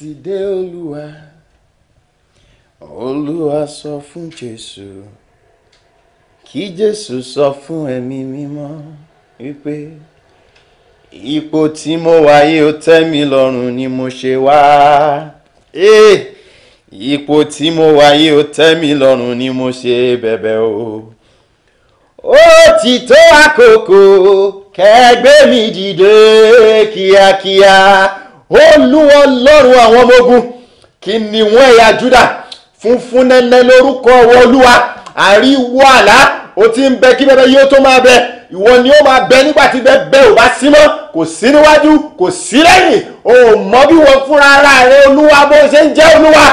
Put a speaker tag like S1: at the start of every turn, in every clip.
S1: ti dé
S2: olúwa
S1: olúwa sọ fún jésù kí jésù sọ fún ẹ̀mí mímọ́ wípé ipò tí mo wáyé ó tẹ́ mi lọ́rùn ni mo ṣe wá eh, ipò tí mo wáyé ó tẹ́ mi lọ́rùn ni mo ṣe
S3: bẹ̀bẹ̀ o ó ti tó àkókò kẹ́ gbé mi dìde kíákíá olúwa ọlọ́run àwọn ọmọ ogun kí ni wọ́n ẹ̀yà júdà funfun nẹ́nẹ́ lórúkọ ọwọ́ olúwa àríwọ̀ àlá ó ti ń bẹ kí bẹbẹ yóò tó máa bẹ ìwọ ni ó máa bẹ nígbà tí bẹbẹ ò bá sí mọ́ kò sí níwájú kò sí lẹ́yìn o ò mọ bí wọ́n fúnra ara rẹ olúwa
S4: bó ṣe ń jẹ́ olúwa.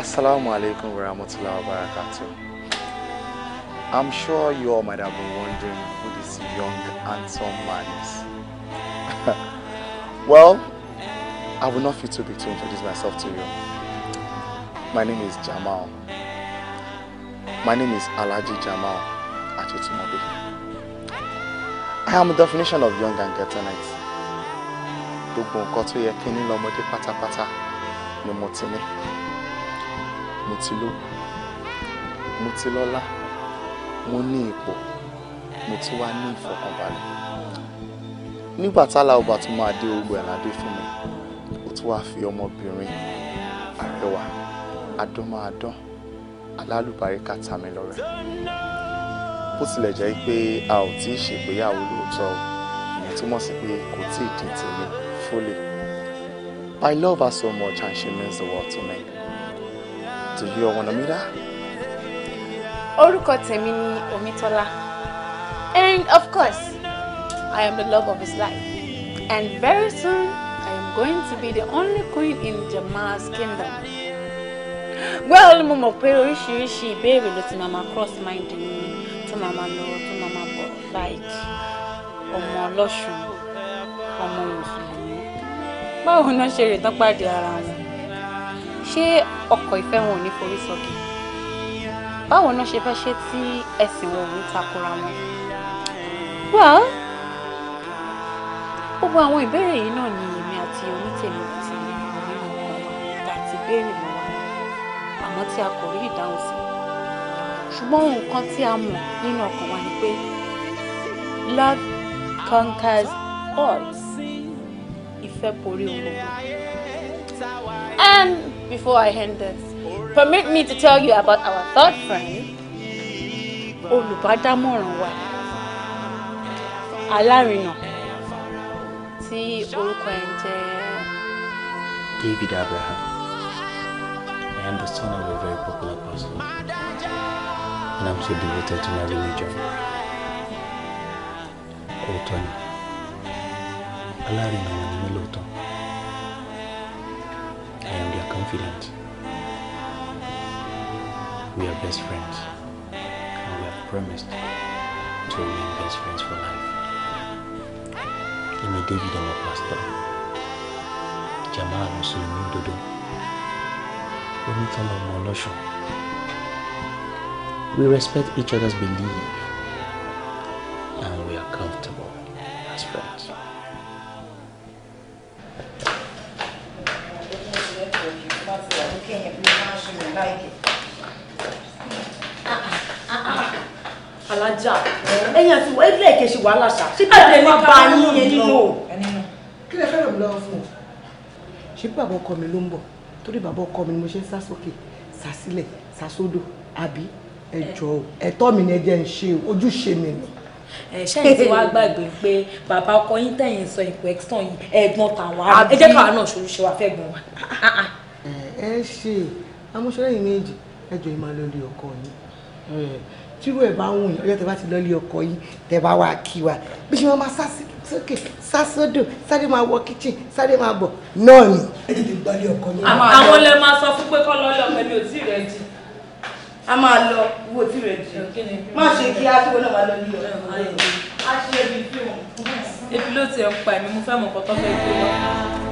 S1: asalaamu wa rahmatulah wa barakatuh i'm sure you all might have been wondering who this young handsome man is well I will not feel too big to introduce myself to you. My name is Jamal. My name is Alaji Jamal Achetumobi. I am the definition of young and Gatanite. Gbogbo nǹkan tó yẹ kí ní lọ́mọdé pátápátá ni mo ti ní. Mo ti ló. Mo ti lọ́lá. Mo ní ipò. Mo ti wá ní ìfọ̀kànbalẹ̀. Nígbà tálá ọba tó máa dé ogbó ẹ̀ fún mi tó wàá fi ọmọbìnrin àrẹwà adánmáadán alálùbáríkà tàmí lọ́rẹ bó tilẹ̀ jẹ́ pé a ò tí ì ṣègbéyàwó lóòótọ́ ìyẹn túmọ̀ sí pé kò tí ì dín tèmi fully I love her so much and she means the world to me do you wanna meet her.
S5: orúkọ tèmi ni omitola and of course I am the love of his life and very soon going to be the only queen in Jamal's kingdom. Well, mo mọ̀ pé oríṣiríṣi ìbéèrè ló ti máa cross mind mi to mama ma to mama máa like ọmọ ọlọ́ṣun ọmọ mùsùlùmí. Báwo náà ṣe lè tán pàdé ara wọn? Ṣé ọkọ̀ ìfẹ́ wọn ò ní forí sọkè? Báwo náà ṣe fẹ́ ṣe tí ẹ̀sìn wọn ò ní takora wọn? Well, gbogbo àwọn ìbéèrè yìí náà ni iye onítẹ̀mí ti àwọn ọmọ àti béèrè lọ́wọ́ àmọ́ tí a kò rí ìdáhùn sí ṣùgbọ́n nǹkan tí a mọ̀ nínú ọkàn wa ni pé love conquers all ìfẹ́ borí ohun and before I end this permit me to tell you about our third friend olùbádámọ̀ràn wa alárinà tí orúkọ ẹ̀ ń jẹ́
S6: David Abraham. I am the son of a very popular pastor, and I'm so devoted to my religion. Òótọ́ ni,
S3: alárinà I am their confidant. We are best friends, and we have promised to remain best friends for life. may David, I'm a pastor. jàmá mùsùlùmí dodo onítọ̀nà ọmọ ọlọ́ṣun we respect each other's belief
S2: and we are comfortable as
S3: friends.
S5: alájà ẹ̀yin àti ẹgbẹ́ ìkẹsì wàhálà ṣá síbẹ̀ lè má bá yín yẹn
S7: nínú. kí lè fẹ́ràn mi lọ́wọ́ fún ọ ṣé bàbá ọkọ mi ló ń bọ̀ torí bàbá ọkọ mi ni mo ṣe ń sá sókè sá sílẹ̀ sá sódò àbí ẹ jọ̀ọ́ ẹ̀tọ́ mi ni ẹ jẹ́ ń ṣe ojúṣe mi ni
S5: ṣẹ́yìn tí wàá gbàgbé pé bàbá ọkọ yín tẹ̀yìn sọ ìpò ẹ̀tàn yìí ẹ̀gbọ́n tàwa ẹ jẹ́ káwa náà ṣòro ṣe wà fẹ́ gbọ́n wa. Ah,
S7: ah. ẹ ṣe amúṣọlẹ́yìn méjì ẹjọ́ yìí máa lọ lé ọkọ yín tírú ẹ̀ bá ń wù yín ọjọ́ tẹ bá ti lọ lé ọkọ yín tẹ bá wà kí wa bí ṣe máa sá sí i sókè sá sódò sáré máa wọ kíchìn sáré máa bọ̀ náà ni. ẹ ti gbalẹ̀ ọkọ ní. àwọn lè
S5: máa sọ fún pé kọ́ lọ́ọ́ lọ pẹ̀lú òtí rẹ̀ jì a máa lọ wo òtí rẹ̀ jì má ṣe kí á tó náà máa lọ ní ọ̀rẹ́ rẹ̀ á ṣe é bí fíìmù. ebi ló ti ẹ̀ ń pa ẹ̀mí mo fẹ́ mọ̀ kọ́tọ́ fẹ́ gbé lọ.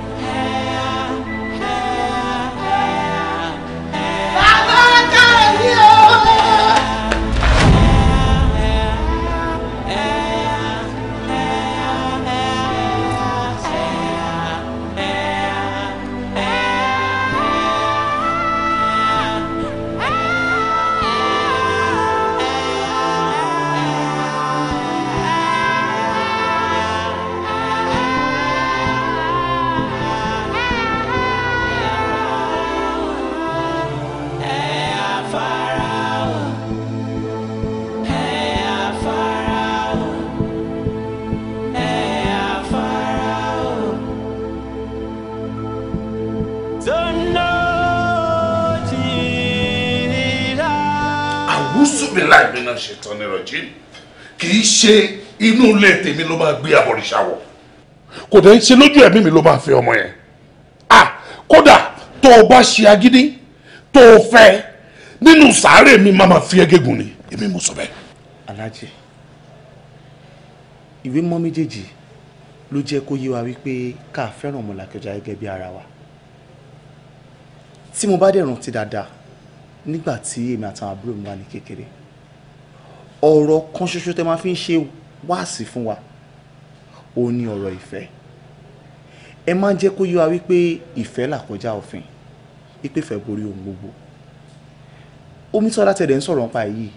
S8: ṣetán ní rọjí kì í ṣe inú ilé tèmi ló máa gbé abọ̀rìṣà wọ̀ kò dẹ̀ ń ṣe lójú ẹ̀mí mi ló máa fẹ́ ọmọ yẹn ah kódà tó o bá ṣe agídí tó o fẹ́ nínú sàárè mi máa ma fi ẹgẹ́gùn ni èmi mo sọ
S1: bẹ́ẹ̀. alájẹ ìwé mọ́ méjèèjì ló jẹ́ kó yé wa wípé ká fẹ́ràn ọmọlàkẹjà gẹ́gẹ́ bí ara wa tí mo bá dẹ̀ rántí dáadáa nígbà tí èmi àtàwọn àbúrò mi wà ní kékeré ọ̀rọ̀ kan ṣoṣo tẹ́ máa fi ń ṣe wáàsí fún wa ó ní ọ̀rọ̀ ìfẹ́ ẹ máa ń jẹ́ kó yọ wa wípé ìfẹ́ làkọjá òfin wípé ìfẹ́ borí ohun gbogbo omi sọ́dá tẹ̀lé ń sọ̀rọ̀ nípa èyí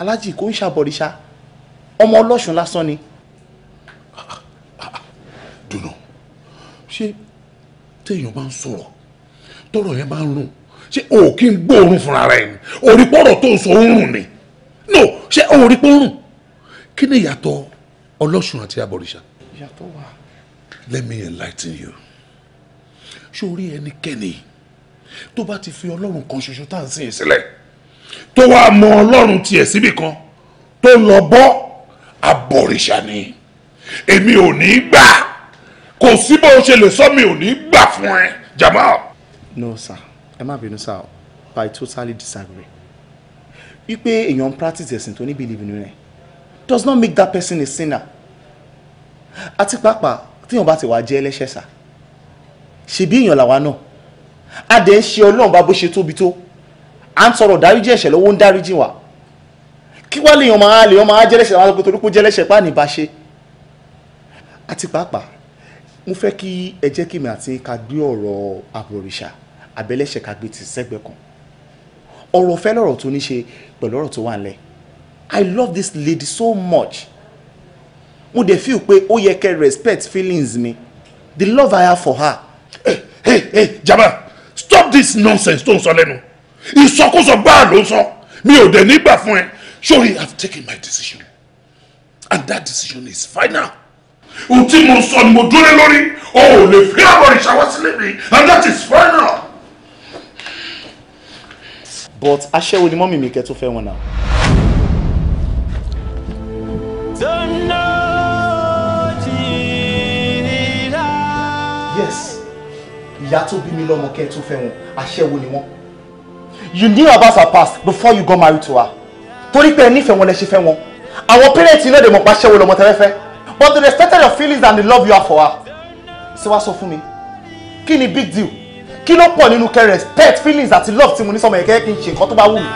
S1: alájì kò ń ṣàbọ̀rìṣà ọmọ ọlọ́ṣun lásán ni.
S8: dùnà ṣé téèyàn bá ń sọ̀rọ̀ tọ́rọ̀ yẹn bá ń rùn ṣé o kì í gbóòórùn fúnra rẹ̀ ni orí tó ń sọ òórùn ni no ṣé òun rí pọ́nrún kí ni ìyàtọ̀ ọlọ́ṣun àti abọ̀rìṣà. ìyàtọ̀ wà. let me enlighten you sórí ẹnikẹ́ni tó bá ti fi ọlọ́run kan ṣoṣo tá à ń sìn sílẹ̀ tó wá mọ ọlọ́run tiẹ̀ síbì kan tó lọ bọ́ abọ̀rìṣà ni èmi ò ní gbà kò sí bó ṣe lè sọ mi ò ní gbà fún ẹ Jamal.
S1: no sir ẹ má bínú sir i totally disagree wípé èèyàn practice ẹ̀sìn tó ní believe nínú rẹ̀ does not make that person a sinner àti pàápàá téèyàn bá ti wá jẹ́ ẹlẹ́ṣẹ̀ sá ṣèbí èèyàn làwa náà a dẹ̀ ń ṣe ọlọ́run bá bó ṣe tóbi tó à ń sọ̀rọ̀ dáríjì ẹ̀ṣẹ̀ lọ́wọ́ ń dáríjì wa kí wá lèèyàn máa lèèyàn máa jẹ́lẹ́ṣẹ̀ láwọn ọgbẹ́ torí kó jẹ́lẹ́ṣẹ̀ pa ní ìbáṣe àti pàápàá mo fẹ́ kí ẹ jẹ́ kí mi àti ká gbé ọ̀rọ̀ àbòrìṣà abẹ́lẹ́ṣẹ̀ ká gbé ti sẹ́gbẹ̀ẹ́ kan ọ̀rọ̀ fẹ́ lọ́rọ̀ tó ní ṣe pẹ̀lú ọ̀rọ̀ tó wà nílẹ̀ i love this lady so much mo dey feel pé ó yẹ kẹ́ respect
S8: feelings mi the love i have for her. ẹ ẹ ẹ jaba stop this nonsense tó ń sọ lẹ́nu ìsọkúsọ gbáà ló ń sọ mi ò dẹ̀ nígbà fún ẹ surely i have taken my decision and that decision is final ohun tí mo sọ ni mo dúró lórí o ò lè fi àbọ̀rìṣà wá mi and that is final
S1: but aṣẹ́wó ni mọ́mì mi kẹ́ tó fẹ́ wọn náà. yes ìyá tó bí mi lọ́mọ kẹ́ tó fẹ́ wọn aṣẹ́wó ni wọ́n. you knew about her past before you got married to her torí pé ẹ nífẹ̀ẹ́ wọn lẹ ṣe fẹ́ wọn àwọn parents náà dẹ̀ mọ̀ pa aṣẹ́wó lọ́mọ tẹ́lẹ̀ fẹ́ but they respected your feelings and the love you have for her. ṣé wàá sọ fún mi kí ni big deal kí ló pọ̀ nínú kẹ́ respect feelings àti love tí mo ní sọmọ yẹn kẹ́ kí n ṣe nǹkan tó bá wù mí.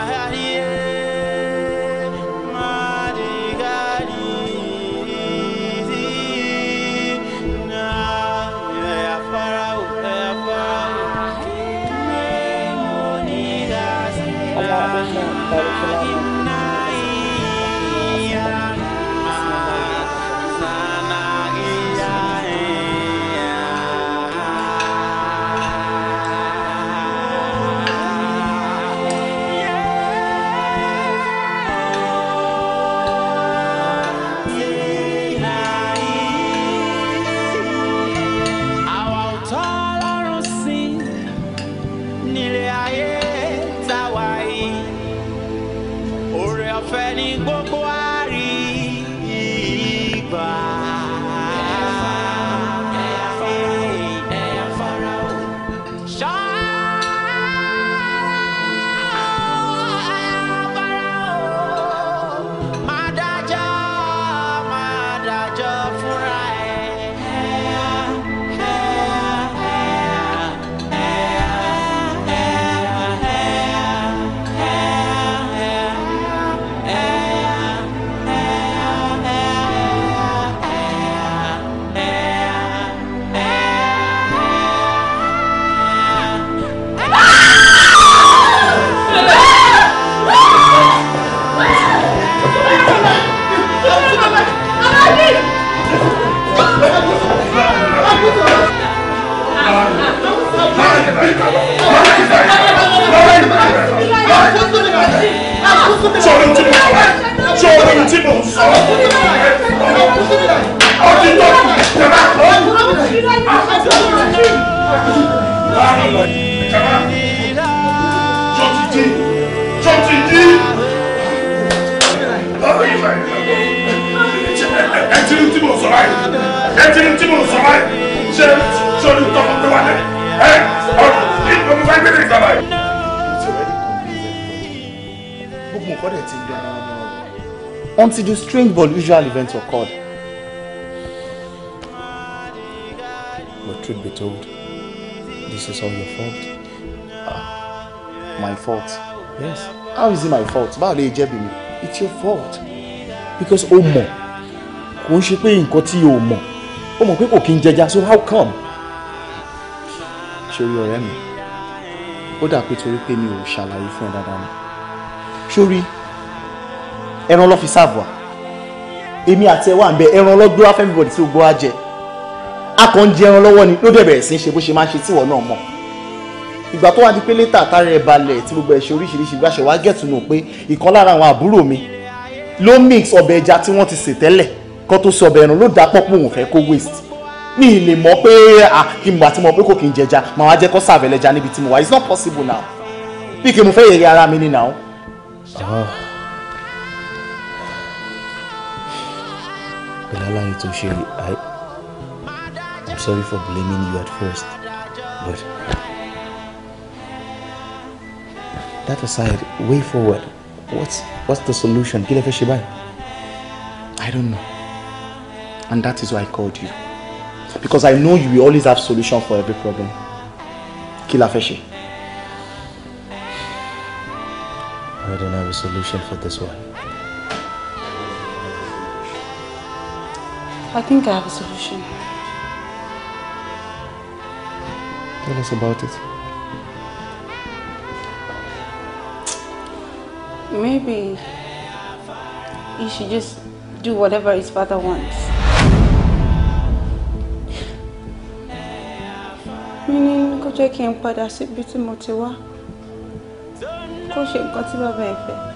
S6: sọ̀rọ̀ tí mo sọ̀rọ̀ tí mo sọ. ọdún tó jẹba jẹba jọtìjì jọtìjì.
S8: ẹ ti ní tí mo sọ báyìí ẹ ti ní tí mo sọ báyìí ṣé sọ̀rọ̀ tọkọtọ wa lẹ ẹ ọdún ìgbọ̀nmọ́ bá gbé ní ìgbà báyìí.
S1: What did it done? Until the strange but usual events occurred. But truth be told, this is all your fault. Ah, my fault? Yes. How is it my fault? Báwo lè
S7: It's your
S3: fault. Because Omo, when she pay in pé nǹkan Omo. o mọ̀, o mọ̀ so how come? Show your enemy. mi?
S1: Ó dà pé torí pé mi ò ṣàlàyé fún ẹ sórí ẹran lọ́ fi sáàbù wa èmi àti ẹ̀ wà ń bẹ ẹran lọ́ gbé wá fẹ́mi bọ̀dì tí gbogbo wa jẹ a kàn ń jẹ ẹran lọ́wọ́ ni ló dẹ̀ bẹ̀rẹ̀ sí í ṣe bó ṣe máa ń ṣe tíwọ́ náà mọ̀ ìgbà tó wá di pé létà tára ẹ̀ balẹ̀ tí gbogbo ẹ̀ ṣe oríṣiríṣi ìgbà ṣe wá gẹ̀tù nù pé ìkan lára àwọn àbúrò mi ló mix ọbẹ̀ ẹja tí wọ́n ti sè tẹ́lẹ̀ kó tó sọ ọbẹ̀ ẹran ló dà pọ̀ pé òun fẹ́ kó waste mi ì lè mọ̀ pé kí n bá ti mọ̀ pé kò kí n jẹja màá wá jẹ́ kó sàbẹ̀lẹ̀ja níbi tí mo wà it's not possible now bí kí mo fẹ́ yẹ̀yẹ́ ara mi ni now
S3: 然后 Bilala Itoshi, I, I'm sorry for blaming you at first, but
S1: that aside, way forward, what's what's the solution? Kí lẹ I don't know, and that is why I called you, because I know you will always have solution for every problem. Kí la
S3: I don't have a solution for this one.
S5: I think I have a solution.
S1: Tell us about it.
S5: Maybe you should just do whatever his father wants.
S9: Meaning, go
S5: check in, but I sit between motiwa kó ṣe nǹkan tí bàbá ẹ̀ fẹ́.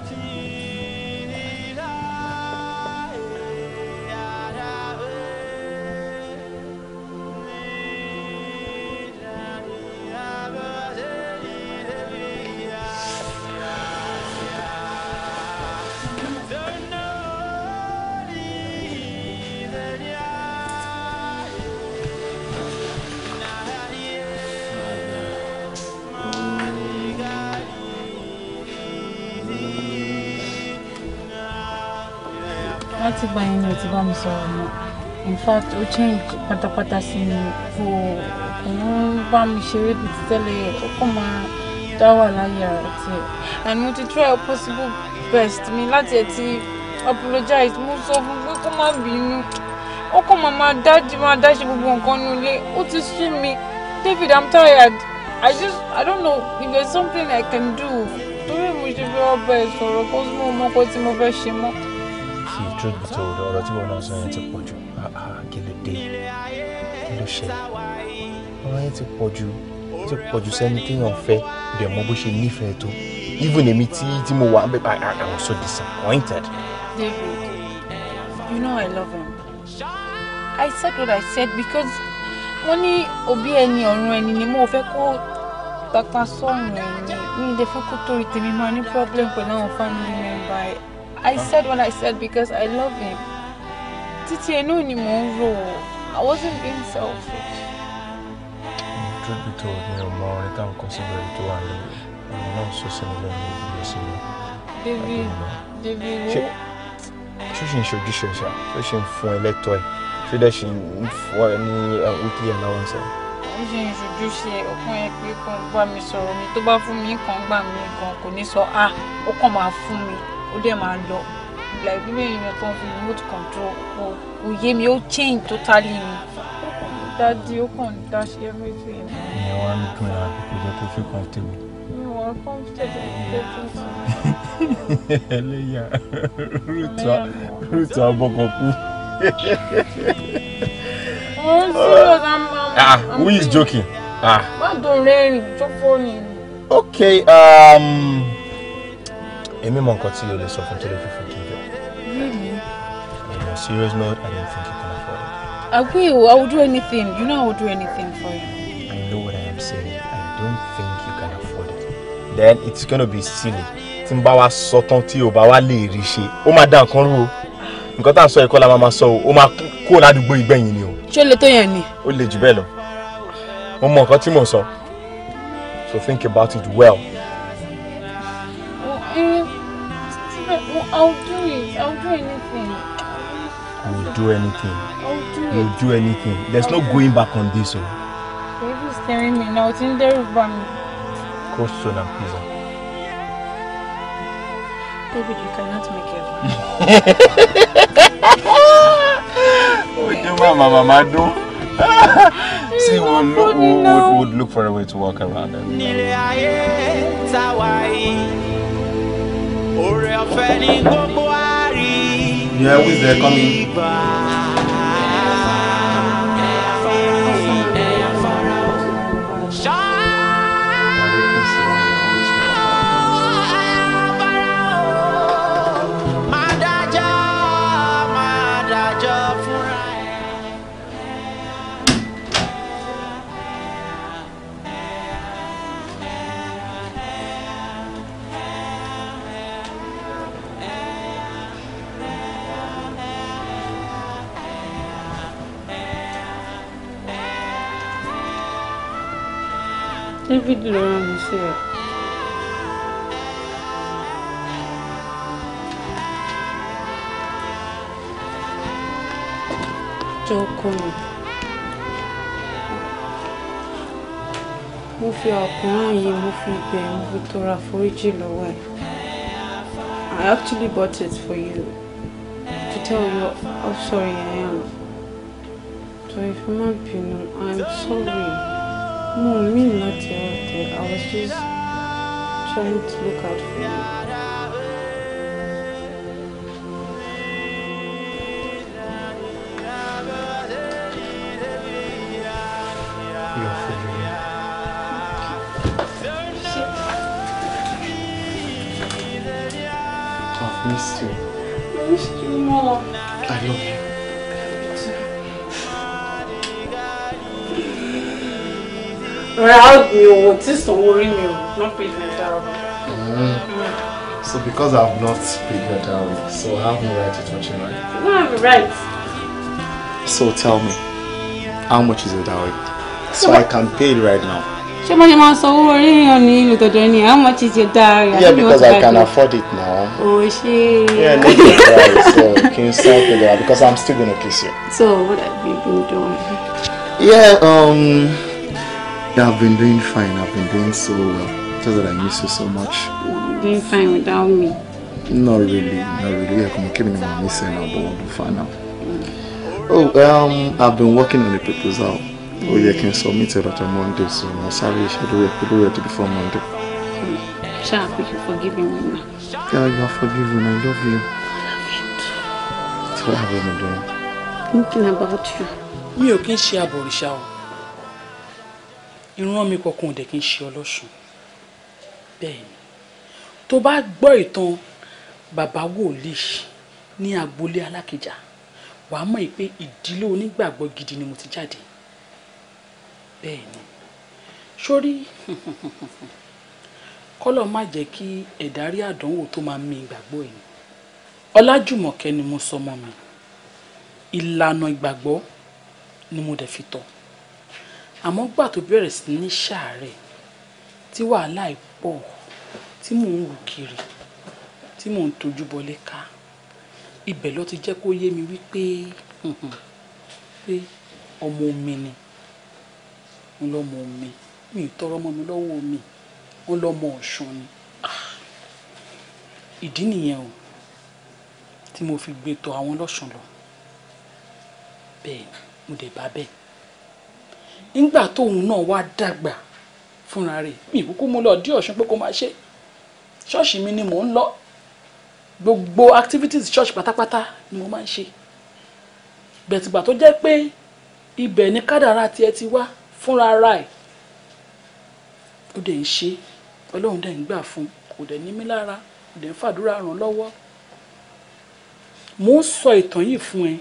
S5: láti gba ẹni ti bá mi sọ̀rọ̀ mọ́ in fact ó change pátápátá sí mi kò kò ń bá mi ṣeré bí ti tẹ́lẹ̀ ó kàn máa dá wà láyé ara tiẹ̀ and mo ti try possible best mi láti ẹ̀ ti
S9: apologize mo sọ fún pé kó má bínú ó kàn máa máa dájú máa dájú gbogbo nǹkan nílé ó ti sú mi David I'm tired I just I don't know if there's something I can do torí mo ṣe fẹ́ ọba ẹ̀ sọ̀rọ̀ kó mo mọ́ kó tí mo fẹ́ ṣe mọ́
S3: truth be told ọ̀rọ̀ tí wọ́n náà sọ yẹn ti pọ̀ jù kí ló dé kí ló ṣẹlẹ̀ ọ̀rọ̀ yẹn ti pọ̀ jù ti pọ̀ jù sẹ́ni téèyàn fẹ́ bẹ̀ mọ́ bó ṣe nífẹ̀ẹ́ tó even èmi tí tí mo wà bẹ́ẹ̀ I I so disappointed.
S5: David you know I love him I said what I said because wọ́n ní òbí ẹni ọ̀run ẹni ni mo fẹ́ kó gbapá sọ̀rùn ẹni mi ìdẹ́fẹ́ kó torí tèmi máa ní problem pẹ̀lú àwọn family member I huh? said what I said because I love him. Titi, I know mò ń
S9: I wasn't being selfish.
S3: Truth be told, me, ò mọ orin táwọn kan síbi ètò wà ní ọmọ náà sọ sí mi lẹ́nu ìgbìyànjú sí mi.
S9: David, David, wo.
S3: Ṣé ṣe ń ṣojúṣe ṣá? Ṣé ṣe ń fún ẹ lẹ́tọ́ ẹ̀? Ṣé dẹ̀ ṣe ń fún ẹ ní eh, weekly allowance ẹ̀?
S9: Ó ṣe ń ṣojúṣe ọkàn ẹ pé kàn bá mi sọ̀rọ̀ mi tó bá
S5: fún mi nǹkan gbà mí nǹkan kò ní sọ ah ó kàn máa fún mi ó dẹ̀ máa lọ ìgbà ìbílẹ̀ yẹn tó ń fi remote control kó òye mi ó change totally mi
S9: dadi ó kàn ń everything.
S3: ẹ wá ní kí wọn kò jẹ kó comfortable.
S9: mi ò wá comfortable nígbà tó ń sọ.
S3: ẹlẹ́yà
S1: rúùtù abọ́kọ̀kú.
S2: mo ń sọ̀rọ̀ ah who is
S3: joking. ah.
S2: má dùn rẹ́rìn-ín jókòó ni.
S3: okay. Um, èmi mọ nǹkan tí o lè sọ fún tó lè fi fún kíjọ. really. on a serious note i don't think you can afford
S5: it. i will i will do anything you know i will do anything for you.
S3: i know what i am saying i don't think you can afford
S1: it. then it's gonna be silly tí n bá wa sọ tán tí o bá wa lè rí ṣe ó máa dá nǹkan rú o nǹkan tá à ń sọ ìkọlà máa ma sọ o ó máa kó ládùúgbò ìgbẹ̀yìn ni o. ṣé o lè tó yẹn ni. ó lè jù bẹ́ẹ̀ lọ mo mọ nǹkan tí mò sọ so think about it
S3: well.
S9: I'll do it. I'll do anything.
S3: You'll do anything.
S5: I'll do it. You'll
S3: do anything. There's I'll no going back on this, oh.
S5: Baby's staring me now. It's in there over me.
S3: Coach Son and Pizza.
S5: David, you cannot make
S6: it. Would you, Mama, Mama, do? See, we'll look, we'll, we'll, we'll look for a way to walk around it oore ọ̀fẹ́ ni gbogbo àrí. Yeah, who's there coming?
S9: David ló rán mi sí ẹ.
S5: jọ kọ mi mo fi ọkùnrin yìí mo fi ibẹ̀ mo fi tọrọ àforíjì lọ́wọ́ ẹ̀ I actually bought it for you to tell you how oh, sorry I am so if you ma
S9: bínú I am sorry. No, me not. I was just trying to look out for you. God mi ò tí sanwó orí not
S5: paid mm.
S1: So because I have not paid your dowry, so I have
S5: no right to touch your right. You don't have a right.
S1: So tell me, how much is the dowry? So I can pay it right now.
S5: ṣé mo ṣe máa sanwó orí èèyàn ní ìlú tọ̀dọ̀ how much is your dowry? yeah because I can
S1: afford it now.
S5: Oh she. yeah no dey cry
S1: so you n sọ dowry? because I'm still gonna kiss you.
S5: so what have you been doing?
S1: yeah um. Yeah, I've been doing fine. I've been doing so well. Just that I miss you so much.
S5: doing fine without me?
S1: Not really, not really. Yeah, come keep me, I'm missing out, but we'll be fine now. Oh, um, I've been working on a proposal. Mm. Oh, yeah, can submit it on Monday, so I'm sorry, I should do it, do it before Monday.
S5: Mm. Sharp, you forgive me now.
S1: Yeah, you're forgiven. I love you. I
S9: love it. So, what have you been doing?
S2: Thinking about you. Mi ò kí ń ṣe àbọ̀rìṣà ìran mi kankan ò dẹ̀ kí n ṣe ọlọ́sùn bẹ́ẹ̀ ni tó bá gbọ́ ìtàn bàbá wòlíì ní agboolé alákìjà wàá mọ̀ pé ìdílé onígbàgbọ́ gidi ni mo ti jáde bẹ́ẹ̀ ni sórí kọ́lọ̀ má jẹ́ kí ẹ̀dá rí àdánwò tó máa mi ìgbàgbọ́ ẹ̀ ni ọlájùmọ̀kẹ́ ni mo sọ ọmọ mi ìlànà ìgbàgbọ́ ni mo dẹ̀ fi tọ́ àmọ́ gbà tó bẹ̀rẹ̀ sí ní ṣàárẹ̀ tí wàhálà ìpọ̀ tí mò ń wù kiri tí mò ń tọ́jú bọlé ká ibẹ̀ ló ti jẹ́ kó yé mi wípé pé ọmọ omi ni ń lọ́mọ omi mi ì tọrọ ọmọ mi lọ́wọ́ omi ń lọ́mọ ọ̀ṣun ni ah! ìdí nìyẹn o tí mo fi gbé tọ̀ àwọn lọ́ṣun lọ bẹ́ẹ̀ mo dẹ̀ bá bẹ́ẹ̀ nígbà tóun náà wá dàgbà fúnra rẹ̀ mi ìkúkú mú lọ dí ọ̀ṣun pé kó máa ṣe ṣọ́ọ̀ṣì mi ni mò ń lọ gbogbo activities church pátápátá ni mo máa ń ṣe bẹ̀tìgbà tó jẹ́ pé ibẹ̀ ni kádàrá tiẹ̀ ti wá fúnra ra ẹ̀ ó dẹ̀ ń ṣe ọlọ́run dẹ̀ ń gbà fún kò dẹ̀ ní mí lára kò dẹ̀ ń fàdúrà ràn lọ́wọ́ mo ń sọ ìtàn yìí fún ẹ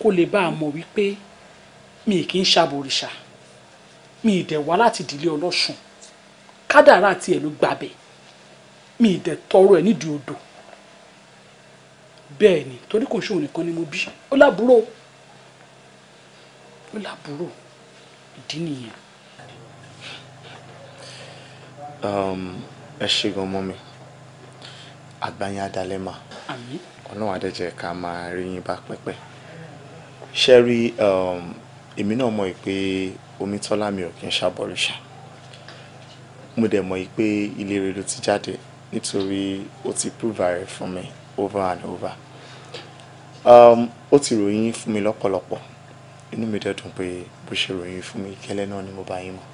S2: kó lè bá a mọ̀ wípé mi kì í ṣàbòrìṣà mi ìdẹ̀ wá láti ìdílé ọlọ́sùn kádàrá àti ẹ̀ ló gbàbẹ̀ mi ìdẹ̀ tọrọ ẹ̀ nídìí odò bẹ́ẹ̀ ni torí kò ṣòwò nìkan ni mo bí ó lábúrò ó lábúrò ìdí nìyẹn.
S1: Um, ẹ ṣe gan mọ́ mi àgbáyé adalẹ́ mà ọlọ́run adẹ́jẹ́ ká máa rí yín bá pẹ́pẹ́ ṣe rí. Um, èmi náà mọ̀ pé Omítọ́lá mi ò kí ń ṣàbọ̀rìṣà mo dẹ̀ mọ̀ pé ilé rẹ̀ ló ti jáde nítorí ó ti prove rẹ̀ fún mi over and over um, ó ti ròyìn fún mi lọ́pọ̀lọpọ̀ inú mi dẹ̀ pé bó ṣe ròyìn fún mi kẹ́lẹ́ náà ni mo bá yín mọ̀.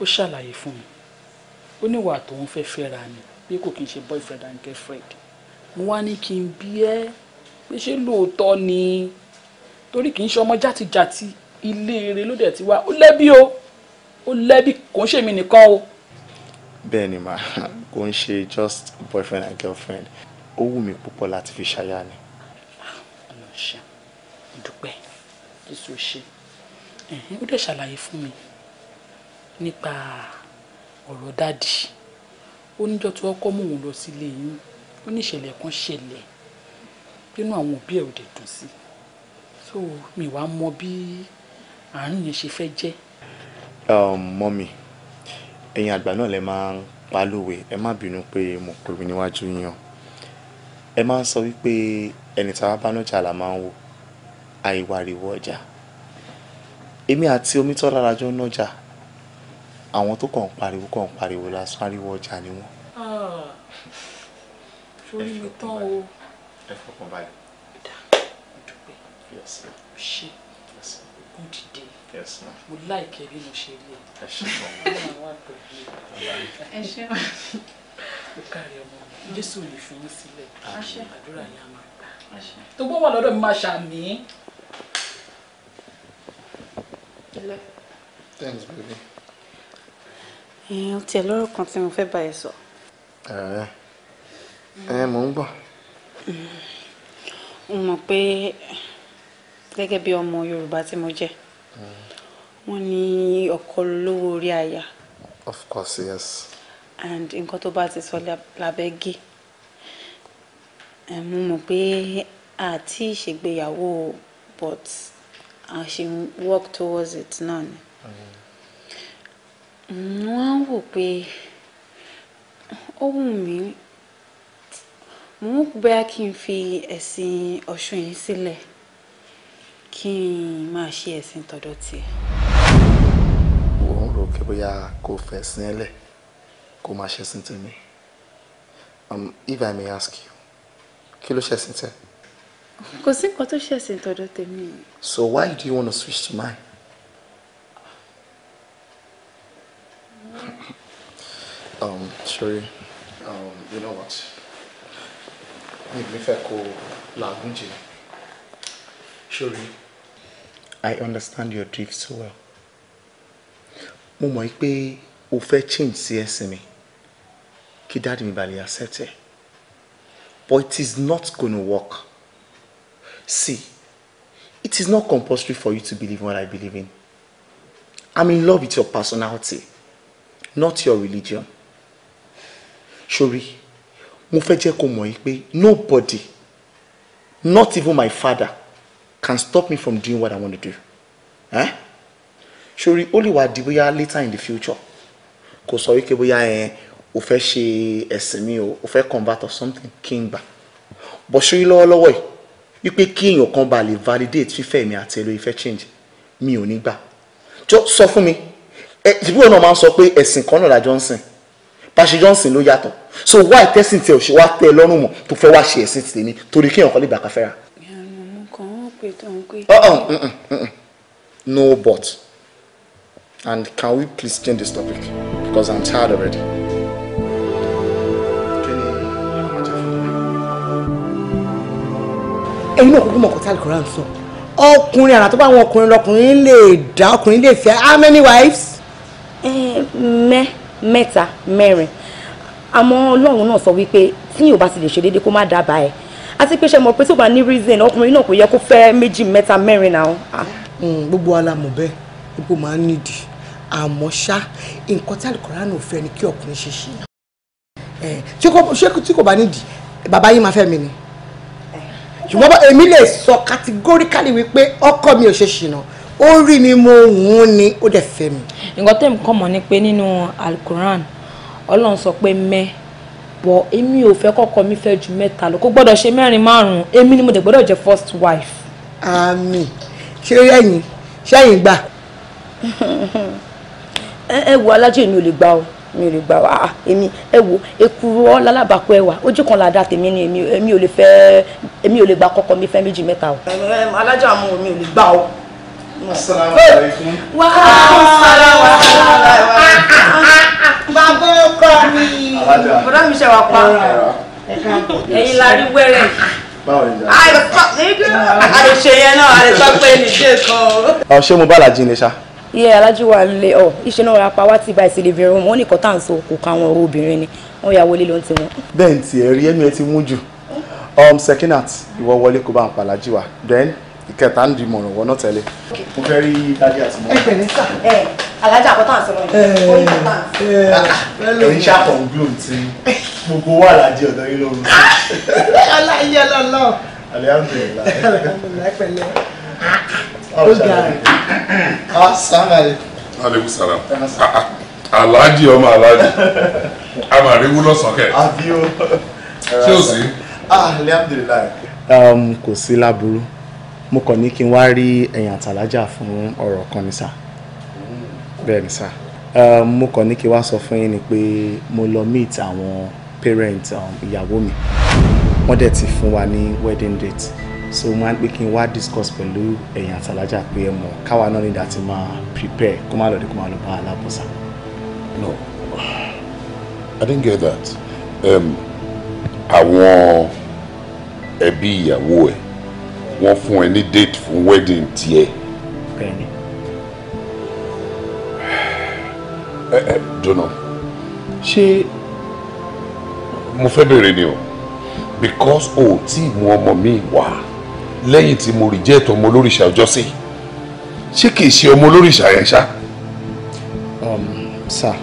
S2: ó ṣàlàyé fún mi ó níwà tóun fẹ́ fẹ́ra ni bí kò kí n ṣe boyfriend and girlfriend mo wá ní kí n bí ẹ pé ṣé lóòótọ́ ni torí kì í ṣe ọmọ játijàti ilé eré ló dẹ̀ ti wá ó lẹ́bí o ó lẹ́bí kò ń ṣèmi nìkan o.
S1: bẹ́ẹ̀ ni màá kò ń ṣe just boyfriend and girlfriend ó wù mí púpọ̀ láti
S3: fi ṣaya ni. ọ̀nà ṣe
S2: ìdúpẹ́ jésù ṣe ó dẹ̀ ṣàlàyé fún mi nípa ọ̀rọ̀ dáàdì ó níjọ́ tí wọ́n kọ́ mọ̀ òun lọ sílé yín ó ní ìṣẹ̀lẹ̀ kan ṣẹlẹ̀ nínú àwọn òbí ẹ̀ ò dẹ̀ dùn sí i so mi wá mọ bí àárín yẹn ṣe fẹ́ jẹ́.
S1: Um, mọ́mì ẹ̀yin àgbà náà lè máa ń pa lówe ẹ má bínú pé mo pèrò níwájú yín ẹ máa ń sọ wípé ẹni tá a bá nájà la máa ń wò àìwáriwọ ọjà èmi àti omítọ́ra lajọ nájà àwọn tó kàn ń pariwo kàn ń pariwo lásán ariwo ọjà ni wọ́n.
S2: sórí ah, mi tán o. ẹ fọkàn balẹ̀ yes Yes. good day yes mo láìkẹ́ bí mo ṣe rí ẹ ṣe wọn ẹ ṣe wọn ó kárí ọmọ mi jésù ò lè fi yín sílẹ̀ àdúrà yẹn á máa gbà tó gbọ́ wà lọ́dọ̀ mi máa ṣàmì. thanks baby. ẹ̀yin tiẹ̀ lọ́rọ̀
S5: kan tí mo fẹ́ bá ẹ sọ.
S1: ẹ ẹ mò ń gbọ́.
S5: mo mọ̀ pé gẹ́gẹ́ bí ọmọ Yorùbá tí mo jẹ́ wọ́n ní ọkọ lówó orí aya.
S1: of course yes.
S5: and nǹkan tó bá ti sọ lábẹ́ gé mo mọ̀ pé àti ìṣègbéyàwó but a ṣe work towards it náà ni. Mm. wọ́n á wò pé ó wù mí mo mú bóyá kí n fi ẹ̀sìn Ọ̀ṣun yìí sílẹ̀ kí n máa ṣe ẹ̀sìn tọ̀dọ̀ tiẹ̀.
S1: wò ń rò kí bóyá kò fẹ́ sin ẹ kó máa ṣe sin tèmi um, if i may ask you kí ló ṣẹ̀sìn tẹ.
S5: kò sí nǹkan tó ṣẹ̀sìn tọ̀dọ̀ tèmi.
S1: so why do you want to switch to mine. um, sorry um, you know what mi ò ní fẹ́ kó làágùn Ṣori, I understand your drift so well. Mo mọ̀ pé o fẹ́ change sí ẹ̀sìn mi kí dáàdì mi balẹ̀ accept ẹ̀. But it is not gonna work. See, it is not compulsory for you to believe what I believe in. I'm in love with your personality, not your religion. Ṣori, mo fẹ́ jẹ́ kó mọ̀ pé nobody, not even my father can stop me from doing what I want to do. Eh? Surely only what do we bóyá later in the future kò sorry, wípé bóyá ẹ ò fẹ́ ṣe or something kí But surely bọ̀ ṣorí lọ́wọ́lọ́wọ́ yìí wípé kí èèyàn kan bá lè validate fífẹ́ mi àti ẹlò ìfẹ́ change mi ò ní gbà jọ sọ fún mi ẹ ìbí ọ̀nà máa ń sọ pé ẹ̀sìn kan náà la jọ ń sìn pàṣẹ jọ ń sìn so why tẹ́sìn tẹ she ṣe wá tẹ ẹ lọ́rùn mọ̀ tó fẹ́ wá ṣe ẹ̀sìn tèmi torí kí èèyàn kan
S9: Wait, Uh-uh,
S1: uh-uh, uh-uh. No but. And can we please change this topic? Because I'm tired already.
S7: ẹ̀yin náà kúkú mọ̀ kó tálí koran sọ ọkùnrin àrà tó bá wọn ọkùnrin lọkùnrin lè dá ọkùnrin lè fẹ́ how many wives. mẹ́ mẹ́ta
S5: mẹ́rin àmọ́ ọlọ́run náà sọ wípé tí yóò bá ti lè ṣe déédéé kó má dábàá ẹ̀ àti
S7: pé ṣe mọ̀ pé tí ò bá ní reason ọkùnrin náà kò yẹ kó fẹ́ méjì mẹ́ta mẹ́rin náà. Ah. Hmm, gbogbo wa la mọ̀ bẹ́ẹ̀ gbogbo máa ń nídìí àmọ́ ṣá nǹkan tí alukọ̀ránù fẹ́ ni kí ọkùnrin ṣe ṣe eh, ṣé tí kò bá nídìí bàbá yìí máa fẹ́ mi ni ṣùgbọ́n èmi lè sọ categorically wípé ọkọ mi ò ṣe ṣìnà ó rí mi mo hùn ni ó dẹ̀ fẹ́ mi. nǹkan tẹ́ mi kọ́ mọ̀ ni pé nínú alukoran
S5: ọlọ́run sọ pé mẹ́ẹ́ bọ̀ èmi ò fẹ́ kọ́kọ́ mi fẹ́ ju mẹ́ta lọ kó gbọ́dọ̀ ṣe
S7: mẹ́rin márùn-ún èmi ni mo dẹ̀ gbọ́dọ̀ jẹ́ first wife. àmín ṣé ó yẹ̀yìn ṣẹ́yìn gbà. ẹ wo alájẹ mi ò lè gbà o mi ò lè gbà o
S5: ah, ah, èmi ẹ wo ekuru ọ lálábàápọ̀ ẹwà ojú kan làdá tèmi ni èmi ò lè fẹ́ èmi ò lè gbà kọ́kọ́ mi fẹ́ méjì mẹ́ta o. alájà mu mi ò lè gbà o. asalaamualeykum.
S6: wàhálà wàhálà wàhálà bàbá ọkọ mi bọ́dọ̀ mi ṣe wà pa ẹ̀yin la rí wẹ́rẹ́
S1: ṣé mo bá alájí ni ṣá.
S5: iye alájí wà nílé ọ iṣẹ́ náà rapa wá ti ba ìsìlẹ̀ obìnrin wọn ní kọ́tà ń so kò ká àwọn ọ̀rọ̀ obìnrin ni wọ́n yà wọlé ló ń tiwọn.
S1: bẹ́ẹ̀ ni tiẹ̀ rí ẹnu ẹ ti mú jù um, Sekinat ìwọ wọlé kó bá ń palájí wa then ìkẹta ń di mọ̀ràn wọ́n náà tẹ́lẹ̀. mo fẹ́ rí dájú àti mọ́. ẹ
S7: pẹ̀lẹ́ sà alájà àkọ́tà àsọ̀rọ̀ yìí orí eh, kọ́tà.
S1: Eh, ah, ẹ̀yin eh. ṣàkọ̀ ń gloom tí gbogbo wà lájẹ́ ọ̀dọ́ yín lọ́rùn.
S7: Ah, aláìyẹ lọ́lọ́.
S1: alihamdulilayi.
S7: alihamdulilayi pẹ̀lẹ́.
S1: Ah, ó ga rẹ̀. asalaamaleykum.
S8: aleykum salaam. aláàjì ọmọ aláàjì a máa rí wúlọ̀ sọ́kẹ̀. àbí o. ṣé o sí.
S1: alihamdulilayi. Um, kò sí láburú mo kàn ní kí n wá rí ẹ̀yìn àtàlájà fún ọ̀rọ̀ kan ní sáà bẹ́ẹ̀ni sá mo kàn ní kí wá sọ fún yín ni pé mo lọ meet àwọn parent um, ìyàwó mi wọ́n dẹ̀ ti fún wa ní wedding date so máa ń pé kí n wá discuss pẹ̀lú ẹ̀yin àtàlájà pé ẹ mọ̀ káwa náà ní dàtí máa prepare kó má lọ dé kó má lọ bá alábọ̀sà.
S8: no i didn't get that um, àwọn ẹbí ìyàwó ẹ wọ́n fún ẹ ní date fún wedding tiẹ̀. bẹ́ẹ̀ni. Okay. ẹ ẹ dùnà ṣé mo fẹ́ bèrè ni o because o ò tí ì mú ọmọ mi wá lẹ́yìn tí mo reject ọmọ olóríṣà ọjọ́ sí ṣé kìí ṣe ọmọ olóríṣà yẹn ṣá. Um, sir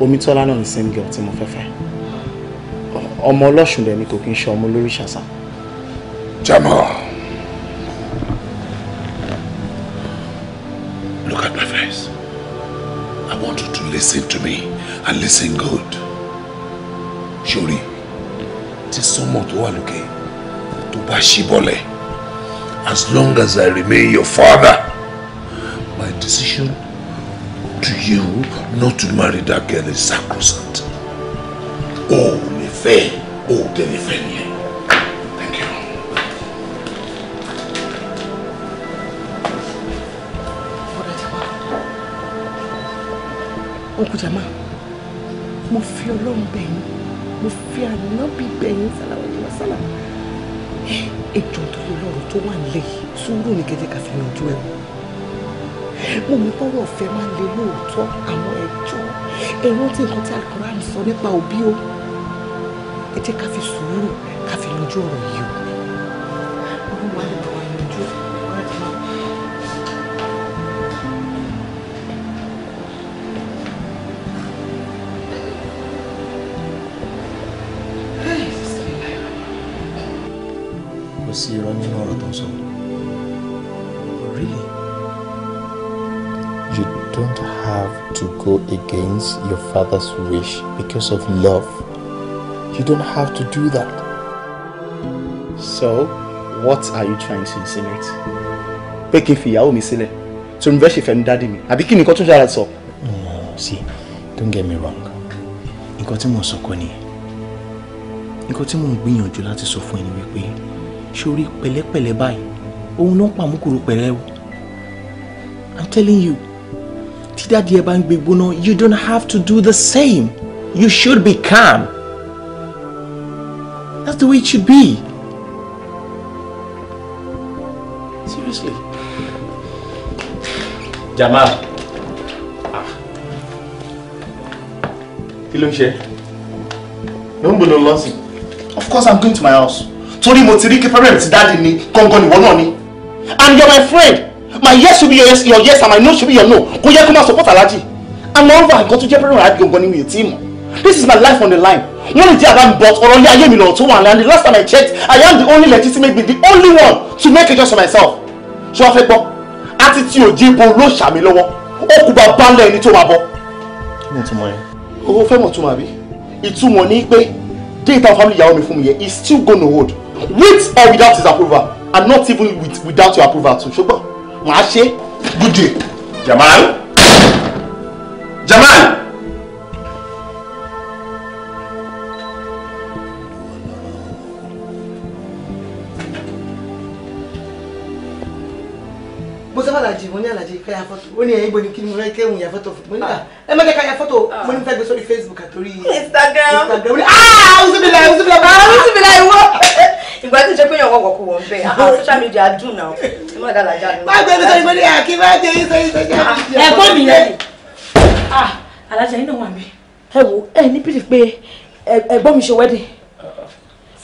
S8: Omitola
S1: náà ni same girl tí mo fẹ́ fẹ́ ọmọ ọlọ́sùn dẹ̀ ni kò kí ń ṣe ọmọ olóríṣà sá.
S8: Jamal. listen to me and listen good sori tí sọmọ tó wà lókè tó bá ṣí bọ́lẹ̀ as long as I remain your father my decision to you not to marry that girl is sacrosanct o ò lè fẹ́ o ò tẹ̀lé fẹ́
S7: Uncle Jama, mo fi ọlọ́run bẹ̀yìn, mo fi ànábì bẹ̀yìn sálàwà ìjọba sálàmù. Ẹjọ́ tó yẹ lọ́rọ̀ tó wà nílẹ̀ yìí, sùúrù ní kẹ́jẹ́ kà fi yanjú ẹ̀. Mo mú bọ́rọ̀ ọ̀fẹ́ máa ń le lóòótọ́ àwọn ẹjọ́. Ẹ rántí nǹkan tí Al-Qur'an sọ nípa òbí o. Ẹ jẹ́ ká fi sùúrù ká fi yanjú ọ̀rọ̀ yìí o.
S3: against your father's wish because of love.
S2: You don't have to do that.
S1: So, what are you trying to insinuate? Pé kí n fi ìyàwó mi sílẹ̀ tó ń bẹ́ ṣe fẹ́nu dádì mi àbí kí ni nǹkan tó ṣára sọ? See, don't get me wrong.
S3: Nǹkan tí mò ń sọ kọ́ nìyẹn. Nǹkan tí mò ń gbìyànjú láti sọ fún ẹni pele pele pẹ̀lẹ́pẹ̀lẹ́ báyìí òun ló ń pàmùkùrù pẹ̀lẹ́ I'm telling you tí dáàdi ẹ bá ń gbé you don't have to do the same you should be calm that's the way it should be
S4: seriously. Jamal ah.
S1: kí ló ń ṣe ló ń gbóná lọ́sìn. of course i'm going to my house torí mo ti rí kí parents dáàdi ni gangan ìwọ náà ni and you're my friend my yes should be your yes your yes and my no should be your no kò yẹ kó máa support aláàjì and moreover nǹkan tó to pẹ́rẹ́ aláàjì gangan ni mi ò tí ì this is my life on the line wọ́n lè jẹ́ àbámu but or only I am in tó wà and the last time I checked I am the only legitimate being the only one to make a choice for myself ṣé wàá fẹ́ gbọ́ àti tí ò jíbo ló ṣàmì lọ́wọ́ ó kù bá balẹ̀ ẹni tó máa bọ̀. kí ni ìtumọ̀ yẹn. owó data family ìyàwó mi fún mi is still gonna hold with or without his approval and not even with without your approval too ṣùgbọ́n màá ṣe
S4: good Jamal Jamal.
S7: mo sábà lajì mo ní àlàjì ká ya fọ́tò ó ní ẹ̀yìn bo ni kí ni mo rẹ́ kẹ́ òun ya fọ́tò mo ní à ẹ má jẹ́ ká ya fọ́tò ah. mo ní fẹ́ gbé sórí Facebook àtòrí Instagram Instagram ó ní ah ọ̀sùnbìlà ọ̀sùnbìlà ọ̀sùnbìlà ìwọ. ìgbà
S5: tó jẹ́ pé yàn wọ̀wọ̀ kò wọ̀ bẹ́ẹ̀ àwọn social media dùn náà ẹ má dàlà jáde. má gbé sọ ìgbóni àkí má jẹ yín sọ yín sọ yín. mi yẹn ah, alájà yín náà wà mí. ẹ wo ẹ ní bílí pé ẹ̀gbọ́n mi ṣe wedding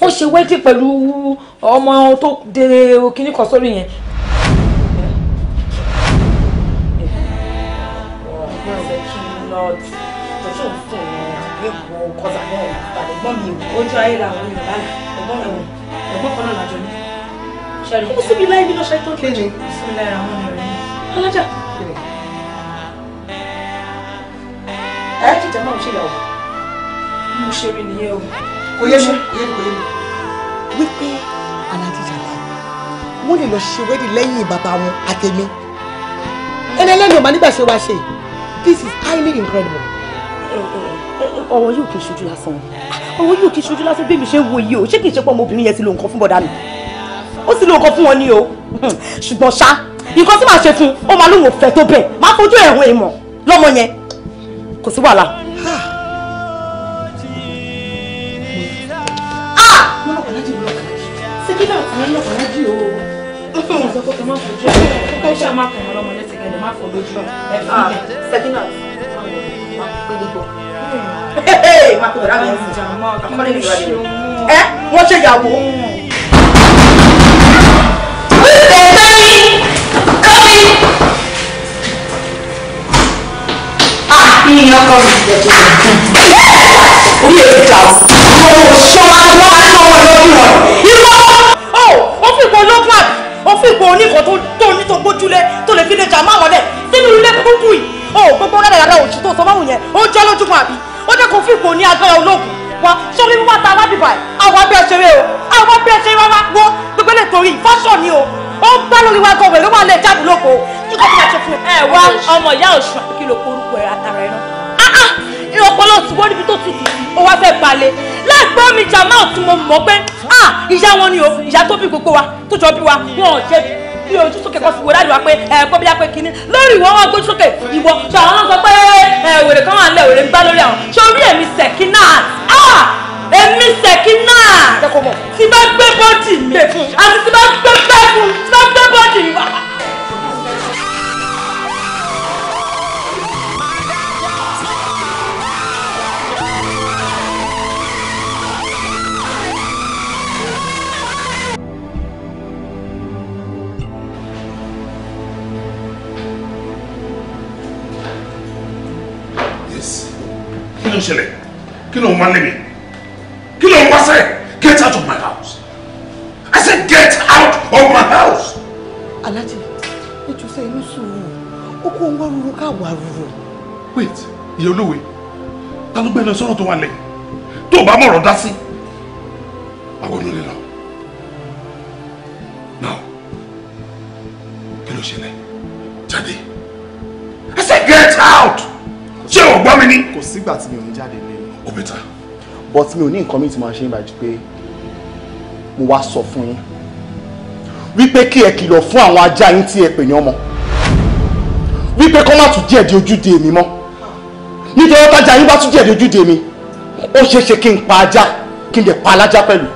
S5: ó ṣe wedding pẹ̀lú ọmọ tó de kinní kan sórí yẹn ojú ayé làwọn yorùbá ẹ̀gbọ́n mi mọ́kànlá làjọ ní ṣẹ́rí kí síbi láì bí lọ́ṣẹ́ tó kí ni sí lára àwọn ọ̀rẹ́ alájà
S7: ẹ jìjà máa ń ṣe ìyàwó mo ṣe rí nìyẹn o kò yé mi kò yé mi kò yé mi wípé alájíjà láì wọ́n lè lọ ṣe wẹ́dì lẹ́yìn bàbá wọn àtẹ̀mí ẹni ẹlẹ́ni ò máa nígbà ṣe wá ṣe this is highly incredible ọwọ́ yóò kí n ṣojú lásán ọwọ́ yóò kí n ṣojú lásán bí mi ṣe wo yìí o ṣé kì í ṣe pé ọmọbìnrin yẹn ti lo nǹkan fún bọ̀dá mi ó sì lo nǹkan fún wọn ni o ṣùgbọ́n ṣá nǹkan tí màá ṣe fún ó máa lóun ò fẹ́ tó bẹ́ẹ̀ máa fojú ẹ̀hún ìmọ̀ lọ́mọ yẹn kò sí wàhálà.
S5: síkírà tí wọ́n lọ́kàn lájú o wọ́n sọ pé kò má fojú ẹ̀ kó ṣáà má kàn án lọ́mọ lẹ́sẹ̀kẹ́ lè má fọ́ lójú ẹ̀ fún mi
S6: ẹ wọ́n ṣe ìyàwó. Ìyẹn ọkọ mi ti dẹ̀ tó dẹ̀.
S2: Orí èdè Klaus,
S5: mo ò ṣọ́ máa ń wá lọ́wọ́ lórí rẹ̀. Irọ́! Ó fìbò lọ́gbọ̀n, ó fìbò oníkan tó ní tó gbójúlé tó lè fi lè jà máa wọlé sínú ilé kúkú yìí o gbogbo rẹ̀ rárá òṣì tó sọ fáwọn yẹn ó jẹ́ lójú kan àbí ó jẹ́ kó fi ipò ní agbára ológun wa sórí wíwá ta alábìbà ẹ̀ àwọn abẹ́ ṣeré o àwọn abẹ́ ṣeré rárá wo gbogbo lè torí fáṣọ̀ ni o ó ń bá lórí wa gan wẹ̀ ló wà lẹ̀ jáde lóko kíkọ́ fún ẹ̀ṣẹ̀ fún ẹ. ẹ wá ọmọ ìyá òṣù àbíkí ló korúkọ ẹ àtàrà ẹ náà ìrọ̀pọ̀lọ́ ti wọ́n níbi tó tutù ó wá fẹ́ balẹ̀ láìpẹ́ omi jamal tí mo mọ̀ pé ah, ìyá wọn ni o ìyá tó bí gbogbo wa tó jọ bí wa wọn ò jẹ̀bi bí ojú sókè kọ́ sí wo dáàdì pé ẹ bí a pé kínní lórí ìwọ wọn gbójú sókè ìwọ sọ àwọn náà sọ pé wèrè kan wà ń lẹ wèrè ń gbá lórí àwọn sórí èmi sẹ̀kí náà ah èmi sẹ̀kí náà tí bá gbé bọ́ọ̀dì mi àti tí bá gbé bẹ́ẹ̀ fún tí bá gbé bọ́ọ̀dì mi
S8: ló ń ṣẹlẹ̀ kí ló ń wá lébi kí ló ń wá sẹ́ get out of my house
S7: I said get out of my house. aláàjì ètò sẹ inú sùúrù ó kó ń wá ruru ká wà ruru. wait ìyá olówe ta ló gbẹ́nu
S8: sọ́rọ̀ tó wà lẹ́yìn tó o bá mọ̀rọ̀ dá sí àwọn onílé lọ. gbọ́ mi
S1: ni. kò sígbà tí mi ò ní jáde lé o. ó bẹ ta. but mi ò ní nǹkan mi tí màá ṣe ń bàjẹ́ pé mo wá sọ fún yín wípé kí ẹ kìlọ̀ fún àwọn ajá yín tí ẹ pè ní ọmọ wípé kọ́ má tún jẹ̀dí ojúde mi mọ́ nítorí tájà yín bá tún jẹ̀dí ojúde mi ó ṣeé ṣe kí n pa ajá kí n lè pa alájá pẹ̀lú.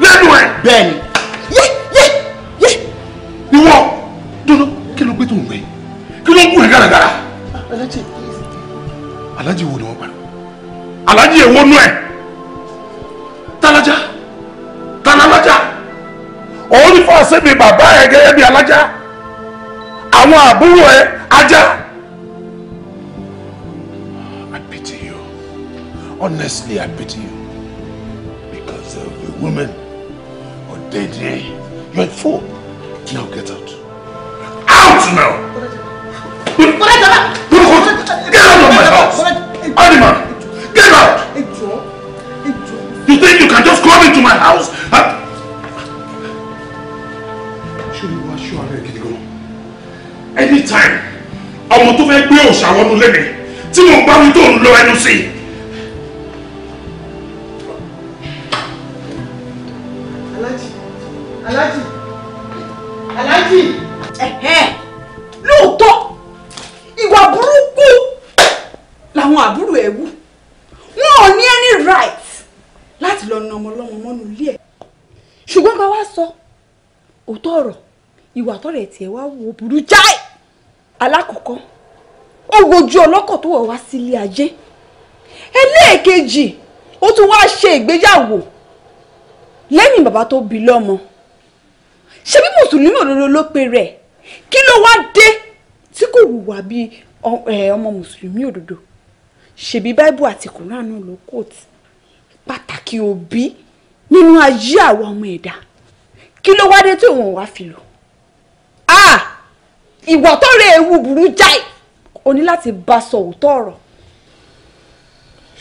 S1: lẹ́nu ẹ̀. bẹ́ẹ̀
S8: ni alájì wo ni wọ́n pa alájì èwo nú ẹ̀ tálájà tálálájà òun ní fọ́ọ̀sì mi bàbá ẹ̀ gẹ́gẹ́ àwọn àbúrò ẹ̀ ajá. I pity you honestly I pity you because of the woman or dead day you are a fool now get out out now.
S7: Get out of my house! Animal! Get
S4: out! You think you can just come into my
S8: house? Ṣé wàá ṣọ́ ara ẹ̀ gidi gan? Anytime, ọmọ tó fẹ́ gbé òòṣà wọnú lẹ́nu tí mo bá wí tó ń lọ ẹnu sí i.
S5: tọrẹ tiẹ̀ wá wo burú jáì alákọ̀ọ́kọ́ ó wojú ọlọ́kọ̀ tó wọ̀ wá sílé ayé ẹlẹ́ẹ̀kejì ó tún wá ṣe ìgbéyàwó lẹ́yìn bàbá tó bí lọ́mọ ṣe bí mùsùlùmí òdodo ló pe rẹ̀ kí ló wá dé tí kò wùwà bíi ọmọ mùsùlùmí òdodo ṣebí báíbù àti kùránù ló kóòtù pàtàkì òbí nínú ayé àwọn ọmọ ẹ̀dá kí ló wá dé tí òun wá fi lò ah ìwọ tó rẹ ewu burú jáì o ní láti bá sọ òótọ́ ọ̀rọ̀.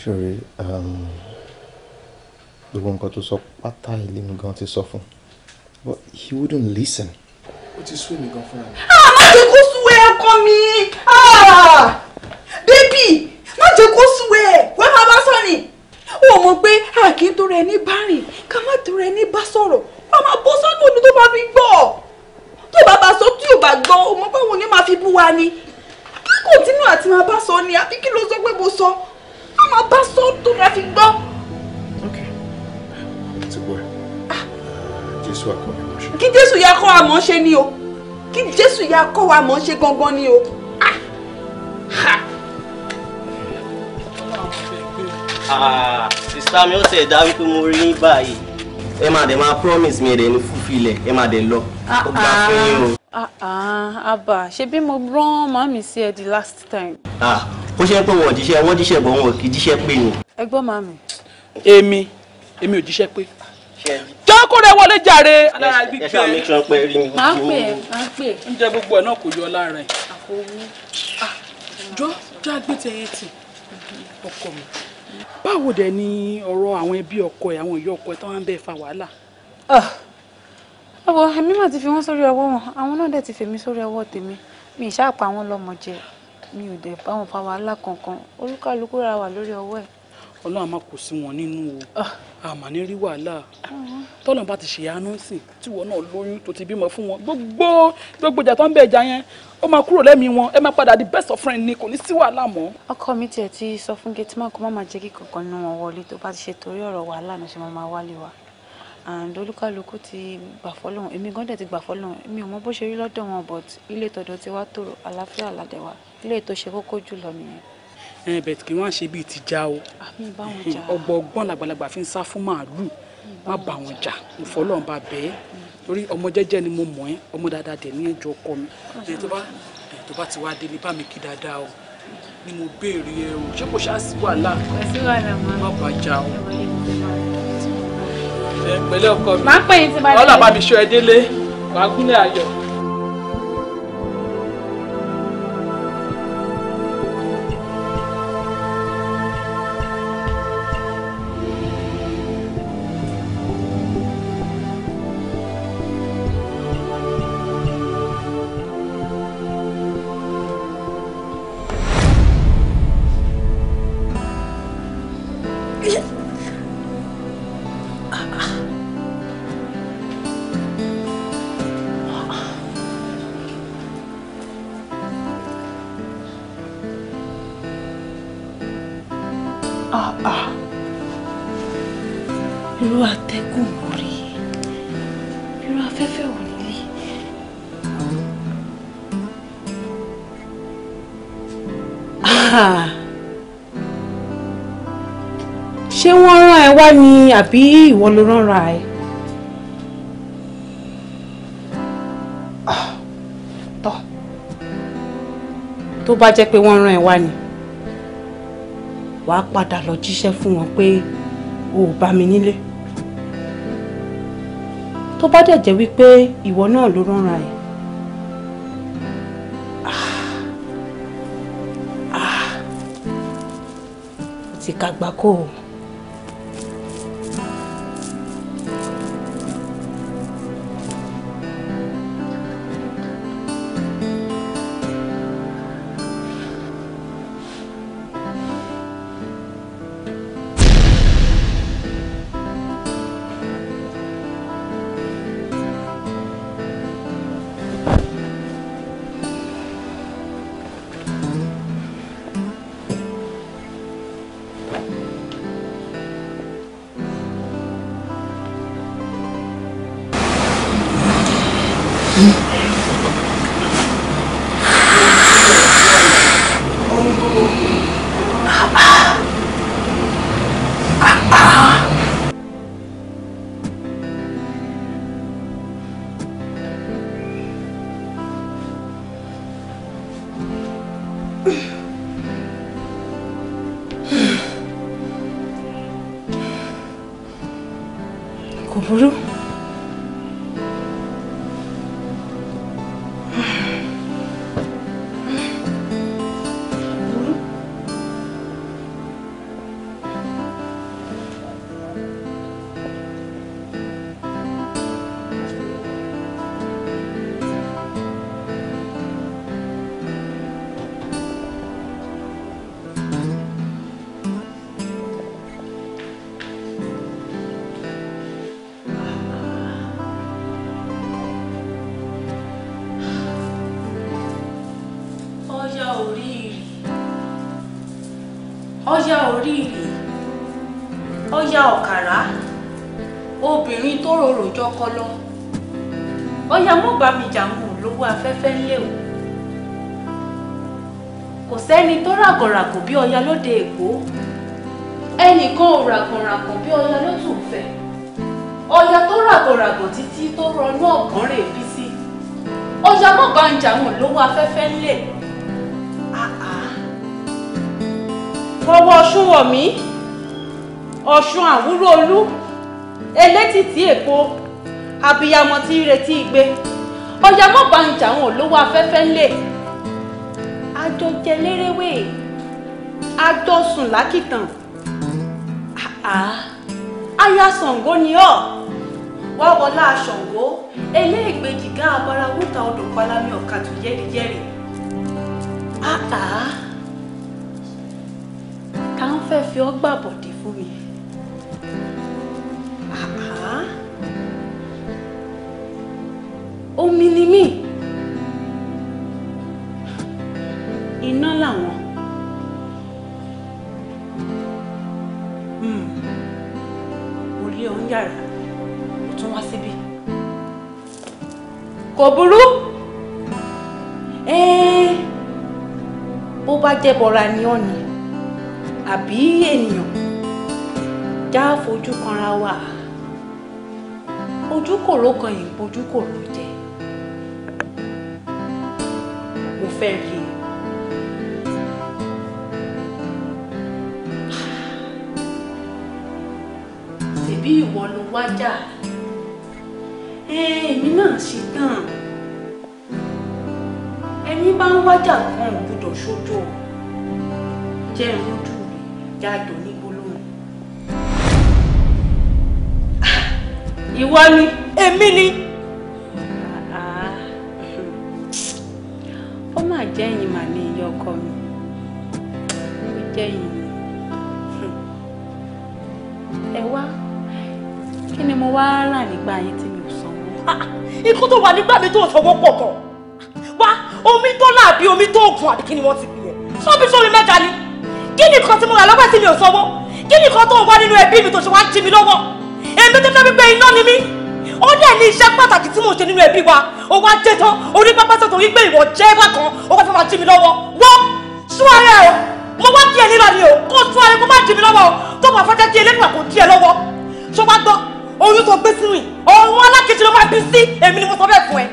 S10: ṣòrí
S1: um, gbogbo nǹkan tó sọ pátá ilé mi gan ti sọ fún but he wouldn't listen. ó ti sún mi gan fúnra mi. a ah, má
S5: jẹ́ kó súwé ọkọ mi ah! bébì má jẹ́ kó súwé wẹ́n máa bá sọ ni ó mọ̀ pé a kì í tó rẹ ní bá rìn ká má tó rẹ ní bá sọ̀rọ̀ wọ́n máa bọ́ sọ́nà òní tó bá fi gbọ́ tó bá bá sọ tí ò bá gbọ́ ọmọ báwo ni máa fi bú wa ni kíkò tínú àti máa bá sọ ni àbí kí ló sọ pé mo sọ á máa bá sọ tó máa fi gbọ́. ok
S3: ti gbọ́ ẹ ah. jésù àkọ́ni
S9: mọ̀ ṣe.
S5: kí jésù yà kọ́ àmọ́ ṣe ni o kí jésù yà kọ́ wa mọ̀ ṣe gangan ni o. Ah.
S3: Ah, sísá mi ó tẹ̀ dá wípé mo rí yín báyìí ẹ máa dẹ̀ máa promise mi ẹ̀ dẹ̀ ní fúfilẹ̀ ẹ máa dẹ̀ lọ. Ah ah, fún yín o. àbà
S5: ah, ah, ah, ṣe bí mo rán màmí sí ẹ the last time.
S3: ó ṣe pé wọn ò jíṣẹ́ wọ́n jíṣẹ́ bọ̀ wọn kì í jíṣẹ́ pé yín.
S2: ẹ gbọ́ màmí. èmi èmi ò jíṣẹ́ pé. jọ́ kó rẹ wọlé jàre. alára gbígbé ẹ ṣáà make sure pé rí mi. máa pè é máa pè é. oúnjẹ gbogbo ẹ̀ náà kò yọ lára ẹ̀. àkòwé. jọ́ jọ́ àgbẹ̀tẹ̀ ẹ̀ tì ọkọ mi báwo dẹ̀ ni ọ̀rọ̀ àwọn ẹbí ọkọ ẹ̀ àwọn ìyá
S5: ẹwọ èmi mà ti fi wọn sórí ọwọ́ wọn àwọn náà dẹ̀ ti fèmi sórí ọwọ́ tèmi mi ì ṣáà pa wọn lọ́mọ jẹ mi ò dẹ̀ bá wọn fa wàhálà kankan olúkàlùkù ra wà lórí ọwọ́ ẹ̀.
S2: ọlọ́run àmọ́ kò sí wọn nínú o àmọ́ ah. ní rí wàhálà tọ́lọ̀ bá ti ṣèyànú sí tí wọn náà lóyún tó ti bímọ fún wọn gbogbo gbogbo ìjà tó ń bẹ ìjà yẹn ó máa kúrò lẹ́mìí wọn ẹ máa padà di best of friend ni kò ní sí wàhálà mọ́. ọkọ mi tiẹ̀ ti sọ fún gẹ́tìmọ̀ kó má máa jẹ́ kí
S5: kankan nínú wọn wọlé tó bá ti ṣe torí ọ̀rọ̀ wàhálà náà ṣe máa wálé wa and olúkálukú ti gbà fọlọ́run èmi gan dẹ̀ ti gbà fọlọ́run mi ò mọ bó ṣe rí lọ́dọ̀ wọn but ilé tọ̀dọ̀ ti wá tòrò àlàáfíà ládẹ wa ilé tó ṣe kókó jùlọ nìyẹn.
S2: ẹ bẹ̀tì kí wọ́n á ṣe bíi ti já o ọgbọ̀n làgbàlagbà fi ń sá fún màálù má bà wọn jà ìfọlọ́run bá bẹ́ẹ̀ torí ọmọ jẹ́jẹ́ ni mo mọ̀ ẹ́ ọmọ dáadáa dẹ̀ ní ẹjọ́ ọkọ mi tó bá ti wá délé bá mi kí dáadáa o ni mo béèrè ẹ o ṣé kò ṣáà sí wàhálà má bàjá o ẹ pẹ̀lẹ́ ọkọ mi. máa ń pè yín tí bá dé. ọlọ́pàá mi ṣọ ẹ wàá gúnlẹ̀ ayọ̀.
S9: irú atẹ́gùn wò rí
S10: irú afẹ́fẹ́ wò nílé.
S5: ṣé wọ́n rán ẹ wá ni àbí ìwọ ló rán ra ẹ. Ah, tó bá jẹ́ pé wọ́n rán ẹ wá ni wàá padà lọ jíṣẹ́ fún wọn pé o ò bá mi nílé tó bá dẹ̀ jẹ́ wípé ìwọ náà ló rán ra ẹ̀ ah. Ah. ti kàgbákò o. ràkànràkàn bí ọya lóde èkó ẹnìkan ò ràkànràkàn bí ọya ló tún fẹ́ ọya tó ràkànràkàn títí tó rọnú ọ̀gán rè bí sí ọya mọ̀ bá ń jà wọn lówó afẹ́fẹ́ ńlẹ̀ fọwọ́ ọṣún wọ̀ mí ọ̀ṣun àwúrò olú elétìtì èkó abiyamọ tí ń retí igbe ọjà mọ̀bàǹjà wọn ló wá afẹ́fẹ́ ńlẹ̀ àjọjẹ lérèwé agbósùn lákìtàn aya Ṣàngó ni ọ wá wọlá Ṣàngó eléègbè jìgá abara wúta odò palami ọ̀kadù jẹ́rìjẹ́rì ta ń fẹ́ fi ọ́ gbàbọ̀dé fún mi omi ni mí iná làwọn. yàrá ó tún wá síbí
S6: kò burú eh,
S5: bó bá jẹ́ bọra ni ọ́ ni àbí ènìyàn já fojú kanra wà ojú kòró kan yìí bojú kòró jẹ mo fẹ́ rí bí ìwọ ló wájà èmi náà ṣe tán ẹni bá ń wájà kan ò gbọdọ̀ ṣojú ọ jẹ́ ìrújú jáde ní ah, ìwọ ni. èmi ni. ó mà jẹ́ ẹ̀yìn mà ní iye ọkọ mi ó jẹ́ ẹ̀yìn mi kí ni mo wá rà nígbà yẹn tí mi ò sanwó.
S7: ikú tó wà nígbà mi tó sanwó pọ̀ gan wá omi tó láàbí omi tó ògùn àbí kí ni wọ́n ti pè é sọ́bí sórí mẹ́ta ni kí ni nǹkan tí mo rà lọ́wọ́ tí mi ò sanwó kí
S5: ni nǹkan tó wà nínú ẹbí mi tó ṣe wá jí mi lọ́wọ́ èmi tó dábí pé iná ni mí ó dẹ̀ ní iṣẹ́ pàtàkì tí mò ṣe nínú ẹbí wa ó wá jẹ́ tán orí pápá sọ̀tọ̀ wípé ìwọ jẹ́ bákan ó wá fẹ́ máa jí mi lọ́wọ́ wọ́n sún ara mo wá kí ẹ nílò ni o kó sún kó má jí mi lọ́wọ́ o tó máa fẹ́ kí eléyìí wà kó lọ́wọ́ ṣó wá gbọ́ oyún tó gbé sínú yìí ọ̀run alákejì ló máa bí sí èmi ni mo sọ bẹ́ẹ̀ fún ẹ.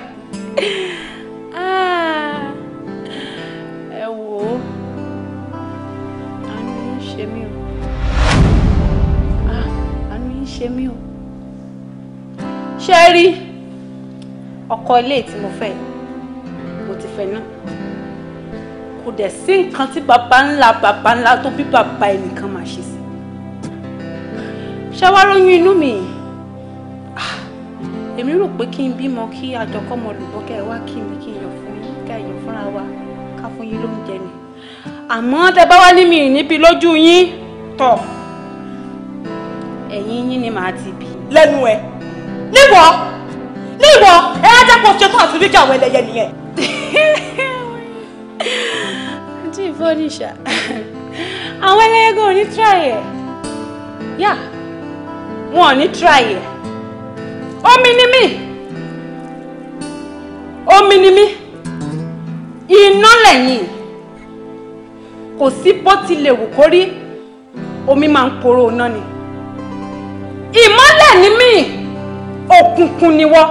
S6: Ah, ẹ wò ó
S5: àánú yín ṣe mí o ah, àánú yín ṣe mí o ṣé ẹ rí ọkọ ilé tí mo fẹ́ mo ti fẹ́ náà kò dẹ̀ sí nǹkan tí bàbá ńlá bàbá ńlá tó bí bàbá ẹnìkan máa ṣe sí ṣàwáróyún inú mi yìí èmi rò pé kí n bímọ kí àjọkọ́mọ lùbọ́ kẹ́ ẹ wá kí mi kí n yọ̀ fún yín ká ẹ̀yọ̀ fúnra wa ká fún yín lóúnjẹ mi àmọ́ tẹ bá wá ní mi níbi lójú yín tọ̀ ẹ̀yìn yín ni màá ti bì. lẹ́nu ẹ̀ níwọ níwọ ẹ á jẹ́ kó ṣe fún àtúndíjà àwọn ẹlẹ́yẹ nìyẹn. àti ìfọ́nìṣà àwọn ẹlẹ́yẹ gan ò ní tíráyẹ̀ yá wọn ò ní tíráyẹ̀ omi ni mí omi ni mí iná lẹ́yìn kò sí bó tilẹ̀ wù kó rí omi máa ń koro iná ni ìmọ́lẹ̀ ni mí òkùnkùn ni wọ́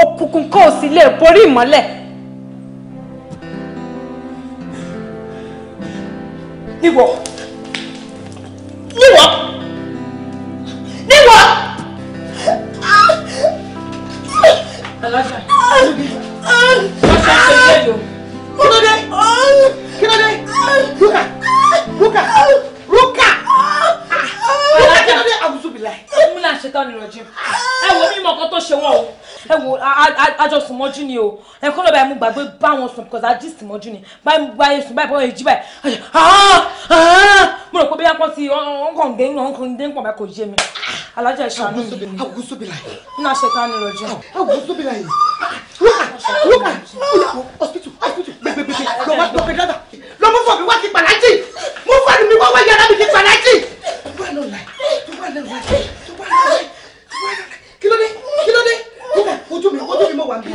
S5: òkùnkùn kò sì lè borí ìmọ́lẹ̀.
S7: níwọ̀ níwọ̀.
S6: lọ́sà. lọ́sà ṣe ilé yòó. kí ló dé kí ló dé rúkà rúkà rúkà
S7: rúkà kí ló dé àwùjọ bìlà. mo múlá ẹ wo mímọ kan
S5: tó ṣe wọn o ẹ wo àjọ sùn mọ́jú ni o ẹ kọ́ lọ́ba ẹ mú gbàgbé bá wọn sùn because àjí sùn mọ́jú ni báyìí báyìí sùn báyìí báyìí jí báyìí ah, ah, mo rò pé bí akọ́ ti ọkàn gé ńlọ ọkàn gé ńpọ̀ bá kò yé mi alájà ìṣàánú mi nínú àṣẹ
S7: ká ní rọjò. hospital hospital gbẹgbẹgbẹ lọ́wọ́ lọ́wọ́ dada lọ́wọ́ fọ̀ mi wá ti pàlájì mo fọ̀ mi wá wá yàrá mi ti pàlájì. tó bá lọ láì tó bá lọ láì tó bá lọ láì tó bá lọ láì kí ló dé kí ló dé kúbẹ̀ ojú mi ojú mi mo wà bí.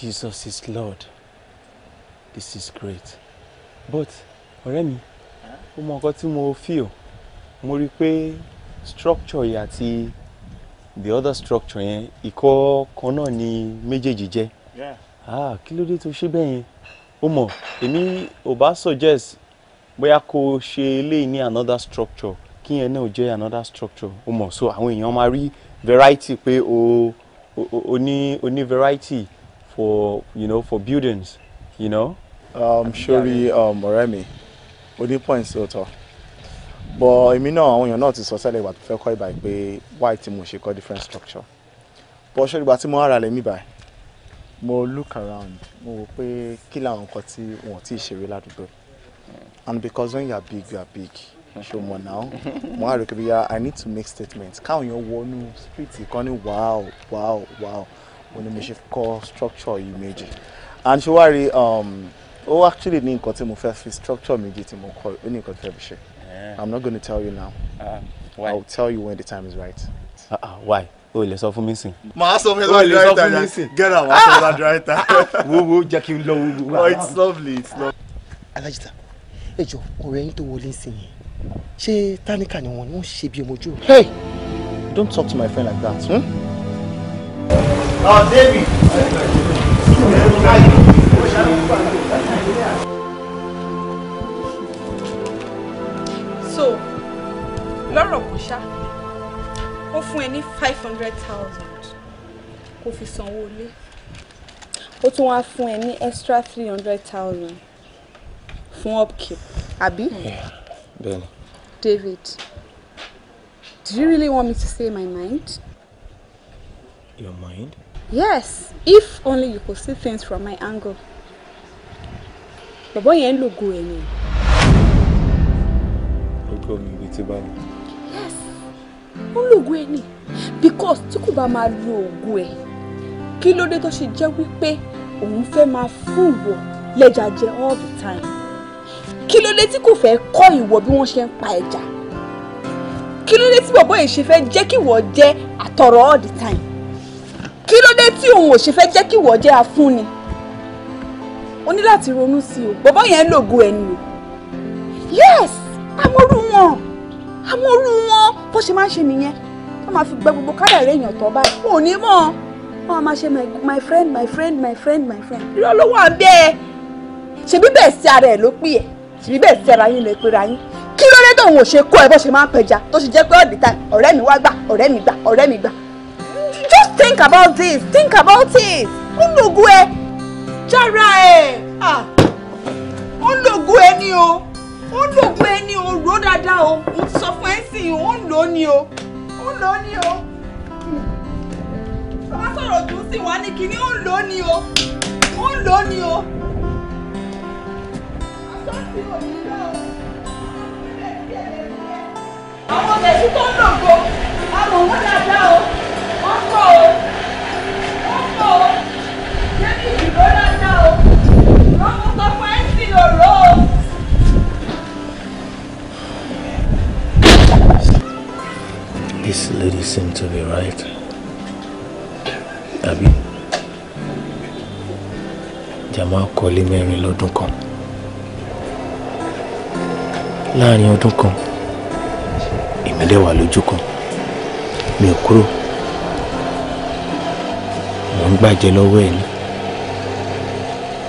S3: Jesus is Lord this is great but ọ̀rẹ́ mi ó mọ nǹkan tí mo feel mo rí i pé structure yìí àti the other structure yẹn ìkọ́ kan náà ni méjèèjì jẹ́ ah
S4: kí ló dé tó ṣe bẹ́ẹ̀ yẹn ó mọ̀
S3: èmi ò bá suggest
S1: bóyá kó o ṣe eléyìí ní another structure kí yẹn náà jẹ́ another structure ó mọ̀ so àwọn èèyàn máa rí variety pé o o ní o ní variety
S3: for you know for buildings you know.
S1: Um, sori um, ọ̀rẹ́ mi o ní point sí ọ̀tọ̀ but èmi náà àwọn èèyàn náà ti sọ sẹ́lẹ̀ ìgbà tó fẹ́ kọ́ ìbàyìí pé why tí mo ṣe kọ́ different structure but sori ìgbà tí mo ara rẹ̀ mi báyìí mo look around mo wò pé kí làwọn nǹkan tí wọn ò tí ì ṣeré ládùúgbò and because when you are big you are big ṣo mọ̀ now. mo á rò pé i need to make statement káwọn èèyàn wọnú street kan ní wow wow wow mo ní mo ṣe kọ́ structure yìí méjì and ṣé wàá rí um, ó actually ní nǹkan tí mo fẹ́ fi structure méjì tí mo kọ́ ó ní nǹkan tí mo fẹ́ fi ṣe eh. i'm not gonna tell you now uh, why? i'll tell you when the time is right. Uh -uh, why? o lè sọ fún mi sìn. màá sọ fún mi sọ fún mi get am aṣọ la director. wo wo jẹ́ kí n lọ wo wo. oh it's lovely it's lovely.
S7: alajita ẹ jọ ọ̀rẹ́ yín tó wọlé sí yẹn ṣé táníkà ni wọn ni wọn ṣe bí ọmọ ojú. hey don't talk to my friend like that. Hmm? So,
S9: lọ́rọ̀ kan ṣá,
S5: ó fún ẹ ní five hundred thousand kó fi sanwó ilé. Ó tún wá fún ẹ extra three hundred thousand fún upkeep, àbí? Bẹ́ẹ̀ni. David, do you really want me to say my mind? Your mind? yes if only you could see things from my angle bàbá yẹn ń lògo ẹ̀ ni.
S9: lógo mi bíi ti bá mi. yes
S5: ó ń lògo ẹ̀ ni because tí kò bá máa lo ògo ẹ̀ kí ló dé tó ṣe jẹ́ wípé òun fẹ́ máa fún ìwọ lẹ́ja jẹ all the time kí ló dé tí kò fẹ́ kọ́ ìwọ bí wọ́n ṣe ń pa ẹja kí ló dé tí bàbá yìí ṣe fẹ́ jẹ́ kí ìwọ jẹ́ àtọ̀rọ̀ all the time kí ló dé tí òun ò ṣe fẹ́ jẹ́ kí ìwọ jẹ́ afúnni o ní láti ronú sí o bàbá yẹn lògo ẹni o yes amóru wọn amóru wọn bó ṣe máa ń ṣe nìyẹn wọn máa fi gbẹ gbogbo kádàrí èèyàn tó báyìí wọn ò ní mọ wọn máa ṣe my friend my friend my friend my friend irọ́ ló wà bẹ́ẹ̀ ṣebí bẹ́ẹ̀ sí ara ẹ̀ ló pè ẹ̀ ṣebí bẹ́ẹ̀ sí ara yín lè pera yín kí ló dé tóun ò ṣe kó ẹ bó ṣe máa ń pẹja tó ṣe jẹ́ pé ọ̀dìtà ọ̀rẹ́ mi wá gbà ọ̀rẹ́ mi gbà ọ̀rẹ́ mi gbà think about this think about it ó lògùn ẹ jára ẹ ó lògùn ẹ ní o ó lògùn ẹ o rò dáadáa o mo ti sọ fún ẹ sí i ó ń lò ó ní o ó ń lò o bàbá sọ̀rọ̀ jù sí wa ní kinní ó ń lò
S3: o ó ń o.
S9: àwọn ọ̀dẹ̀ tí tó ń lògùn
S5: àwọn òun o.
S3: This lady seemed to be right. Àbí? Jamal kọ́lé mẹ́rin lọ́dún kan. Láàárín ọdún kan, èmi dẹ̀ wà lójú kan. Mi ò gbàjẹ́ lọ́wọ́ ẹ̀ ni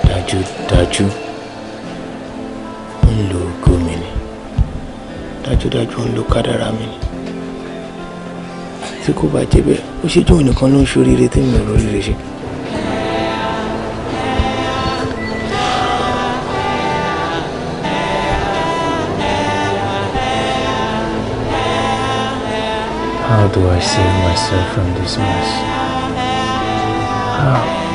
S3: dájúdájú ń lo ògo mi ni dájúdájú ń lo kádàrá mi ni tí kò bá jẹ́ bẹ́ẹ̀ ó ṣe jóun nìkan ló ń ṣoríire tí mi ò róríire ṣe.
S9: How do I save myself from this mess? Oh.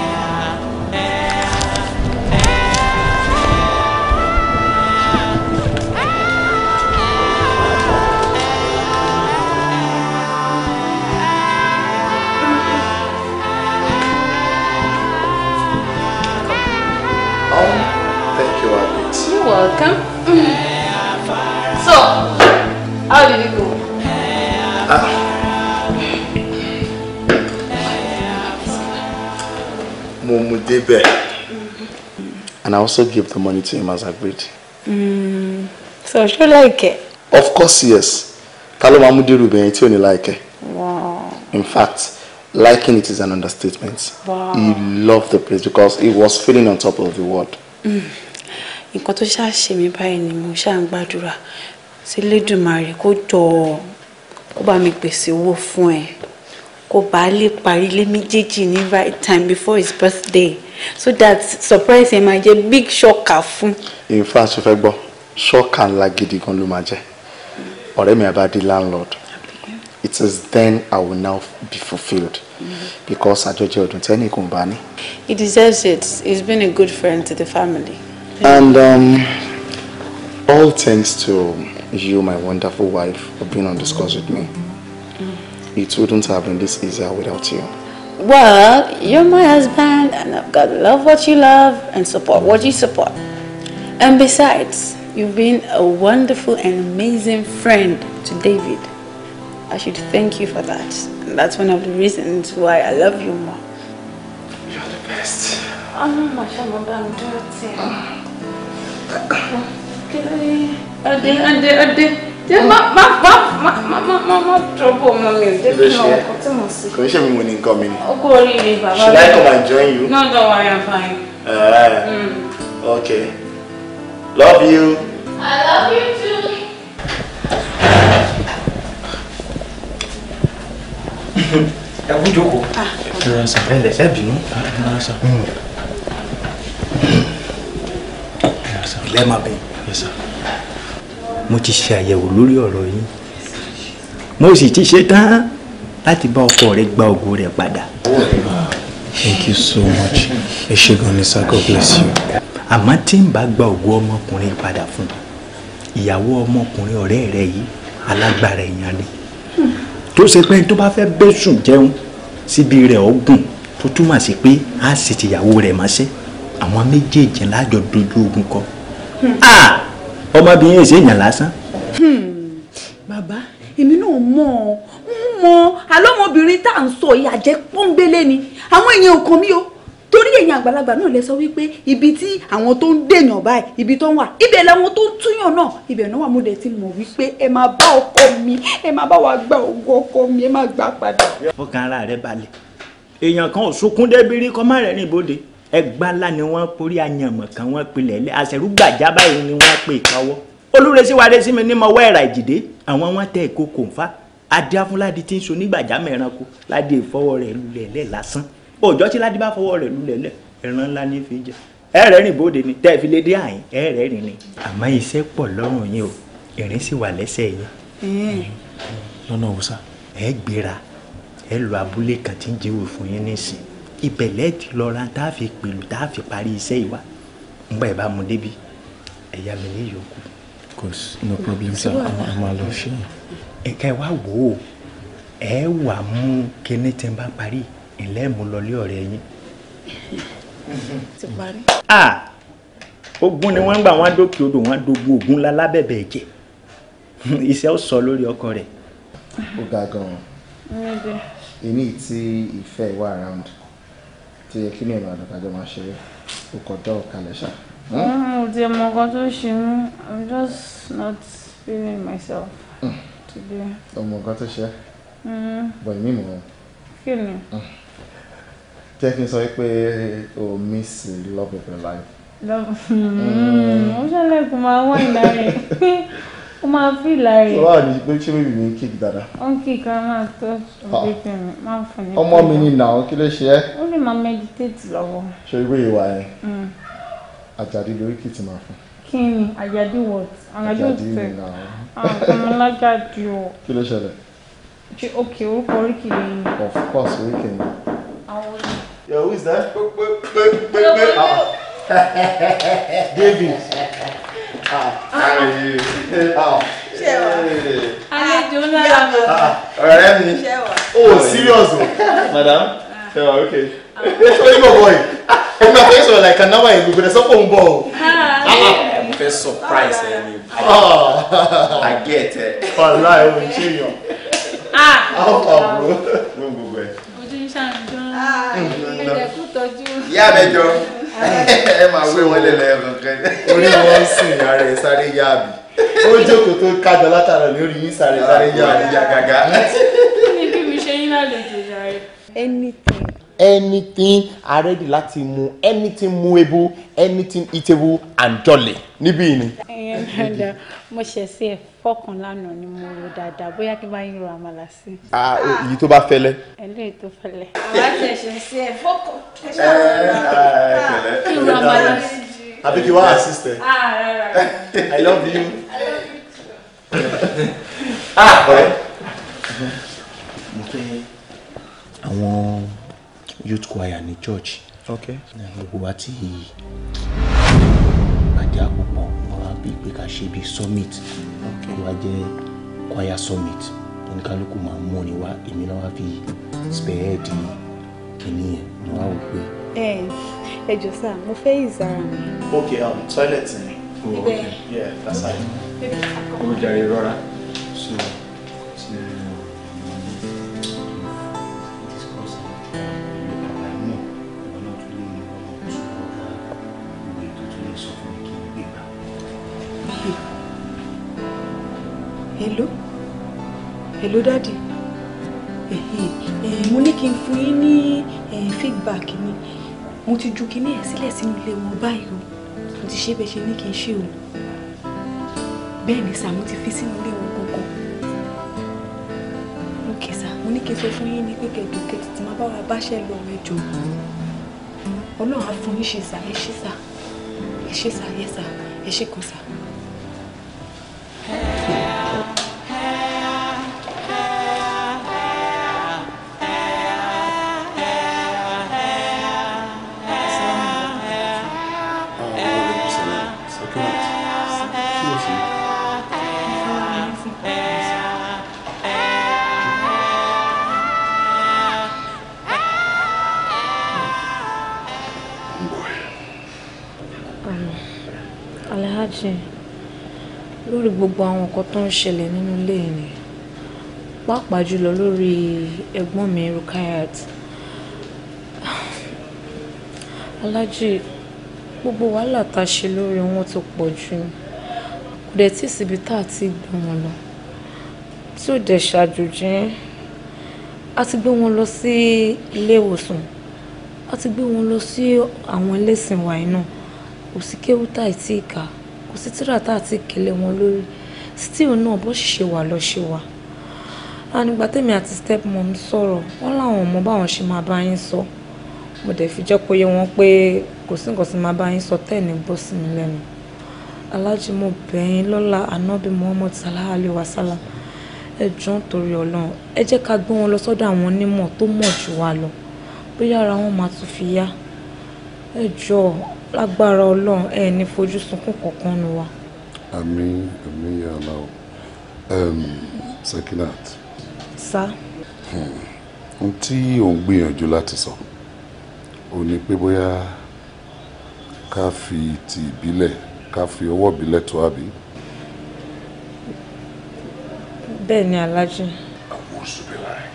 S1: débẹ̀. Mm-hmm. And I also gave the money to him as agreed.
S5: Mm. So like it?
S1: Of course yes. Ta ló máa mú dérú ibẹ̀yẹn tí ò ní láìkẹ́? Wow. In fact, liking it is an understatement. Wow. He loved the place because he was feeling on top of the world.
S5: Mm. Nǹkan tó ṣáà ṣe mí báyìí ni mo ṣáà ń gbàdúrà sí Lédùmarè kó jọ kó bá mi pèsè owó fún ẹ kó bàa lè parí ilé méjèèjì ní right time before his birthday so that surprise ẹ máa jẹ big shocker fún.
S1: in fact fẹ́ gbọ́ shocker ńlá gidi gan ló máa jẹ́ ọ̀rẹ́ mi àbá di landlord it is then I will now be fulfilled
S5: mm-hmm.
S1: because àjọjẹ ọdún tẹ́ni kò bá ní.
S5: he deserves it he's been a good friend to the family. and
S1: um, all thanks to you my wonderful wife for being on this course with me.
S5: Mm-hmm.
S1: It wouldn't have been this easy without you.
S5: Well, you're my husband and I've got to love what you love and support what you support. And besides, you've been a wonderful and amazing friend to David. I should thank you for that. And that's one of the reasons why I love you more. You're the best. I'm not much I'm dirty. Okay. Ade, ade, ade. ṣe má má má má má má má má trọ́bù ọmọ mi ò jẹ́ kí n lọ ọkọ tí mo sí. kò should I come
S1: and join you? no
S5: don't worry I'm fine.
S1: Uh, mm. okay love you.
S9: I love you too. ẹ kú jókòó. Ah,
S3: ẹ lẹ ẹ bínú. ilé máa bẹ. Yes, sir mo ti ṣe àyẹ̀wò lórí ọ̀rọ̀ yìí mo sì ti ṣe tán láti bá ọkọ rẹ gba ògo rẹ padà. thank you so much ẹ ṣé gan ni sir god bless you. àmọ́ tí n bá gba ògo ọmọkùnrin padà fún ìyàwó ọmọkùnrin ọ̀rẹ́ rẹ yìí alágbára èèyàn ni tó ṣe pé tó bá fẹ́ bẹ́sùn jẹun síbi rẹ̀ ọ̀gùn tó túmọ̀ sí pé a sì tìyàwó rẹ̀ mọ́ṣẹ́ àwọn méjèèjì lájọ dojú ogun kọ.
S6: Hmm. ah
S3: ọmọbìnrin èsì èèyàn lásán.
S5: Hmm, bàbá èmi náà mọ̀ ọ́ ń mọ alọ́mọbìnrin tá à ń sọ ìyà jẹ́ pọ́ńbélé ni àwọn èèyàn kan mi o torí èèyàn àgbàlagbà náà lè sọ wípé ibi tí àwọn tó ń dèèyàn báyìí ibi tó ń wà ibẹ̀ làwọn tó ń túyàn náà ibẹ̀ náà wà mo dẹ̀ ti mọ̀ wípé ẹ máa bá ọkọ mi ẹ máa bá wa gba ògùn ọkọ
S3: mi ẹ máa gbà padà. fọkàn rẹ balẹ̀ èèyàn kan ò sunkún débìrí kọ́ má rẹ̀ ní ẹgbàlá ni wọ́n porí àyànmọ̀ kan wọ́n pilẹ̀ lẹ́ àṣẹrúgbàjá báyìí ni wọ́n pè káwọ́ olúresí wa resí mi ní mo wẹ́ ẹ̀rà ìjìdé àwọn wọn tẹ èkó kò ń fa adé afúnládi tí ń so nígbàjá mẹ́ranko ládé ìfọwọ́ rẹ̀ lulẹ̀ lẹ́ lásán òòjọ́ tí ládé bá fọwọ́ rẹ̀ lulẹ̀ lẹ́ ẹran ńlá ní fi jẹ ẹ̀rẹ́ rìn bóde ni tẹ́ẹ̀ fi lè dé àyín ẹ̀rẹ́ rìn ni. àmọ́ iṣẹ́ pọ̀ lọ́rùn yín o ìrìn sì wà lẹ́sẹ̀ yín. lọ́nà òwúsà. ẹ gbéra ẹ lọ abúlé kan tí ń jẹ́wò fún yín nísìnyí ibẹ̀ lẹ́ẹ̀tì lọ́ra tá a fi pẹ̀lú tá a fi parí iṣẹ́ ìwà ń bá mu débi ẹ̀yà mi ní yòókù. no problem sir a máa lọ ṣe é. ẹ̀ka ẹ̀ wá wò ó ẹ̀ wà mú kíní tí n bá parí ìlẹ́ mu lọlé ọ̀rẹ́ yín. ti parí. ah ogun ni wọ́n ń gbà wọ́n dókè odò wọ́n dogun ogun ńlá lábẹ́bẹ̀ ẹ̀jẹ̀ iṣẹ́ ó sọ lórí ọkọ rẹ̀. ó ga gan-an èmi tí ìfẹ́ wà round tó yẹ kí ní
S1: ìbàdàn kájọ máa ṣe ó kọjá òkàlẹ̀ ṣá.
S5: òde hm, mọ nǹkan tó ṣe mú i'm just not feeling myself hmm. today.
S1: ọmọ nǹkan tó ṣe hmm. bọ̀ ìmí mọ̀ ọ́. kí ni. Hmm. jẹ́ kí n sọ pé o miss love of your life.
S5: love ó ṣẹlẹ̀ kó máa wọ́n ìlà rẹ̀ ó máa fi lára rẹ̀. wàá
S1: ní pé ṣé bèbí mi ń kíkì dáadáa.
S5: ó ń kíkì ara máa tọ́ ah. bèbí mi máa ń fún ní. ọmọ mi
S1: ni nà ó kí ló ṣe ẹ́.
S5: ó lè máa meditate lọ́wọ́.
S1: ṣé ìwé ìwà ẹ̀ mm. àjàdí lórí kì í ti máa fún.
S5: kí ni àjàdí
S9: what àjàdí
S1: tẹ àwọn ah,
S9: ọmọlájàdí o.
S1: kí ló ṣẹlẹ̀.
S9: ṣe òkè orúkọ oríkì lẹ́yìn.
S1: of course oríkì ni. àwọn. yo who is that.
S6: Ah. David àlejò ńlá la mọ̀.
S10: ọ̀rẹ́ mi o serious o.
S1: madam ṣe wa ok. ṣé ibò bọ̀ yìí ẹgbẹ́ àfẹ́ sọ̀rọ̀ like an hour ago gbẹ̀dẹ̀ sọ́kò ń bọ̀ o.
S10: mo fẹ́ surprise
S1: ẹ ni I get ẹ. wàhálà ẹ̀ wò ń ṣe yàn.
S10: àwọn àbúrò ló ń gbogbo ẹ̀. ojú iṣẹ́ àjọ ẹ̀ ẹ̀ kú tọ́jú.
S1: ìyá àbẹ̀jọ
S4: ẹ máa wé wọn lẹ̀ lẹ́ẹ̀kan kan orí wọn
S1: sìn ara ẹ̀ sáré yá àbí ó jókòó tó kájọ látara lórí yín
S4: sáré sáré yá àbí yá gàgà.
S5: kí mi ṣe yín lálejò yàrá. anything
S3: anything are ready láti mu anything moveable. anything eatable and jolly níbí ni.
S5: ẹyẹ dada mo ṣe sí ẹ fọkàn lánàá ni mo rò dáadáa bóyá kí n bá yín ro àmàlà sí. èyí tó bá fẹ́lẹ́. ẹlú èyí tó fẹ́lẹ́. àwọn àti ẹ̀ṣẹ̀ sí ẹ fọkàn. ẹ ẹ kẹlẹ kí n ro àmàlà sí. àbí kí wọ́n assist ẹ. Ah, I love you.
S3: ah ọ̀rẹ́ mo fẹ́ àwọn youth choir ní church gbogbo wa ti gbàjá púpọ̀ wọn á bí pé ká ṣe bí summit kó wá jẹ́ choir summit oníkálukú máa ń mọ́ni wá èmi náà wá fi spẹ́ẹ̀dì kìíní yẹn mo wá wò pé.
S5: ẹ ẹ jọ sá mo fẹ́ ìzara mi.
S1: ok um, toilet ni. ibẹ̀ oh, yẹ that's how. ó
S4: jẹ́ ìrora. so.
S5: hello Daddy. mo ní kí n fún yín ní feedback ni. mo ti ju kinní ẹ̀ sílẹ̀ sínú ilé wọn báyìí o mo ti ṣe bẹ́ẹ̀ ṣe ní kí n ṣe o bẹ́ẹ̀ ni sà mo ti fi sínú ilé wọn kankan ok sà mo ní kí n sọ fún yín ní pé kẹ̀kẹ́ tètè máa bá wa báṣẹ́ lọ ẹ jọ á fún yín ṣe sà ẹ ṣe sà ẹ ṣe sà yẹ sà ẹ ṣe kan sà. gbogbo àwọn nǹkan tó ń ṣẹlẹ̀ nínú ilé ni pàápàá jùlọ lórí ẹ̀gbọ́n mi Rukayat alájì gbogbo wàhálà tá a ṣe lórí wọn ti pọ̀ jù kò dẹ̀ tí síbi tá a ti gbé wọn lọ tí ò dẹ̀ ṣàjòjì a ti gbé wọn lọ sí ilé ìwòsàn a ti gbé wọn lọ sí àwọn ẹlẹ́sìn wàyí náà kò sí kéwú tá ì tí ì kò sí tírà tá a ti kélé wọn lórí still náà bó sì ṣe wà lọ ṣe wà anigba tèmi àti stepmom sọ̀rọ̀ wọ́n láwọn ọmọ báwọn ṣe máa bá yín sọ mo dẹ̀ fi jẹ́ kó yé wọn pé kò sí nǹkan tí máa bá yín sọ tẹ́ẹ̀ní gbọ́ sí mi lẹ́nu alájí mo bẹ̀ yín lọ́la anábì muhammad salah alayhi wa salam ẹ jọ̀ọ́ torí ọlọ́run ẹ jẹ́ ká gbé wọn lọ sọ́dọ̀ àwọn onímọ̀ tó mọ̀ jù wá lọ bóyá ara wọn máa tún fi yá ẹ lágbára ọlọ́run ẹ ní fojú sunkún kankan nu wa
S8: àmín àmín ya Allah um, Sekinat. sá. ohun tí òun gbìyànjú láti sọ ò ní pé bóyá ká fi ti ìbílẹ̀ ká fi ọwọ́ ìbílẹ̀ tó àbí.
S5: bẹ́ẹ̀ ni alájí. àwọn
S8: oṣù bẹ̀rẹ̀ láì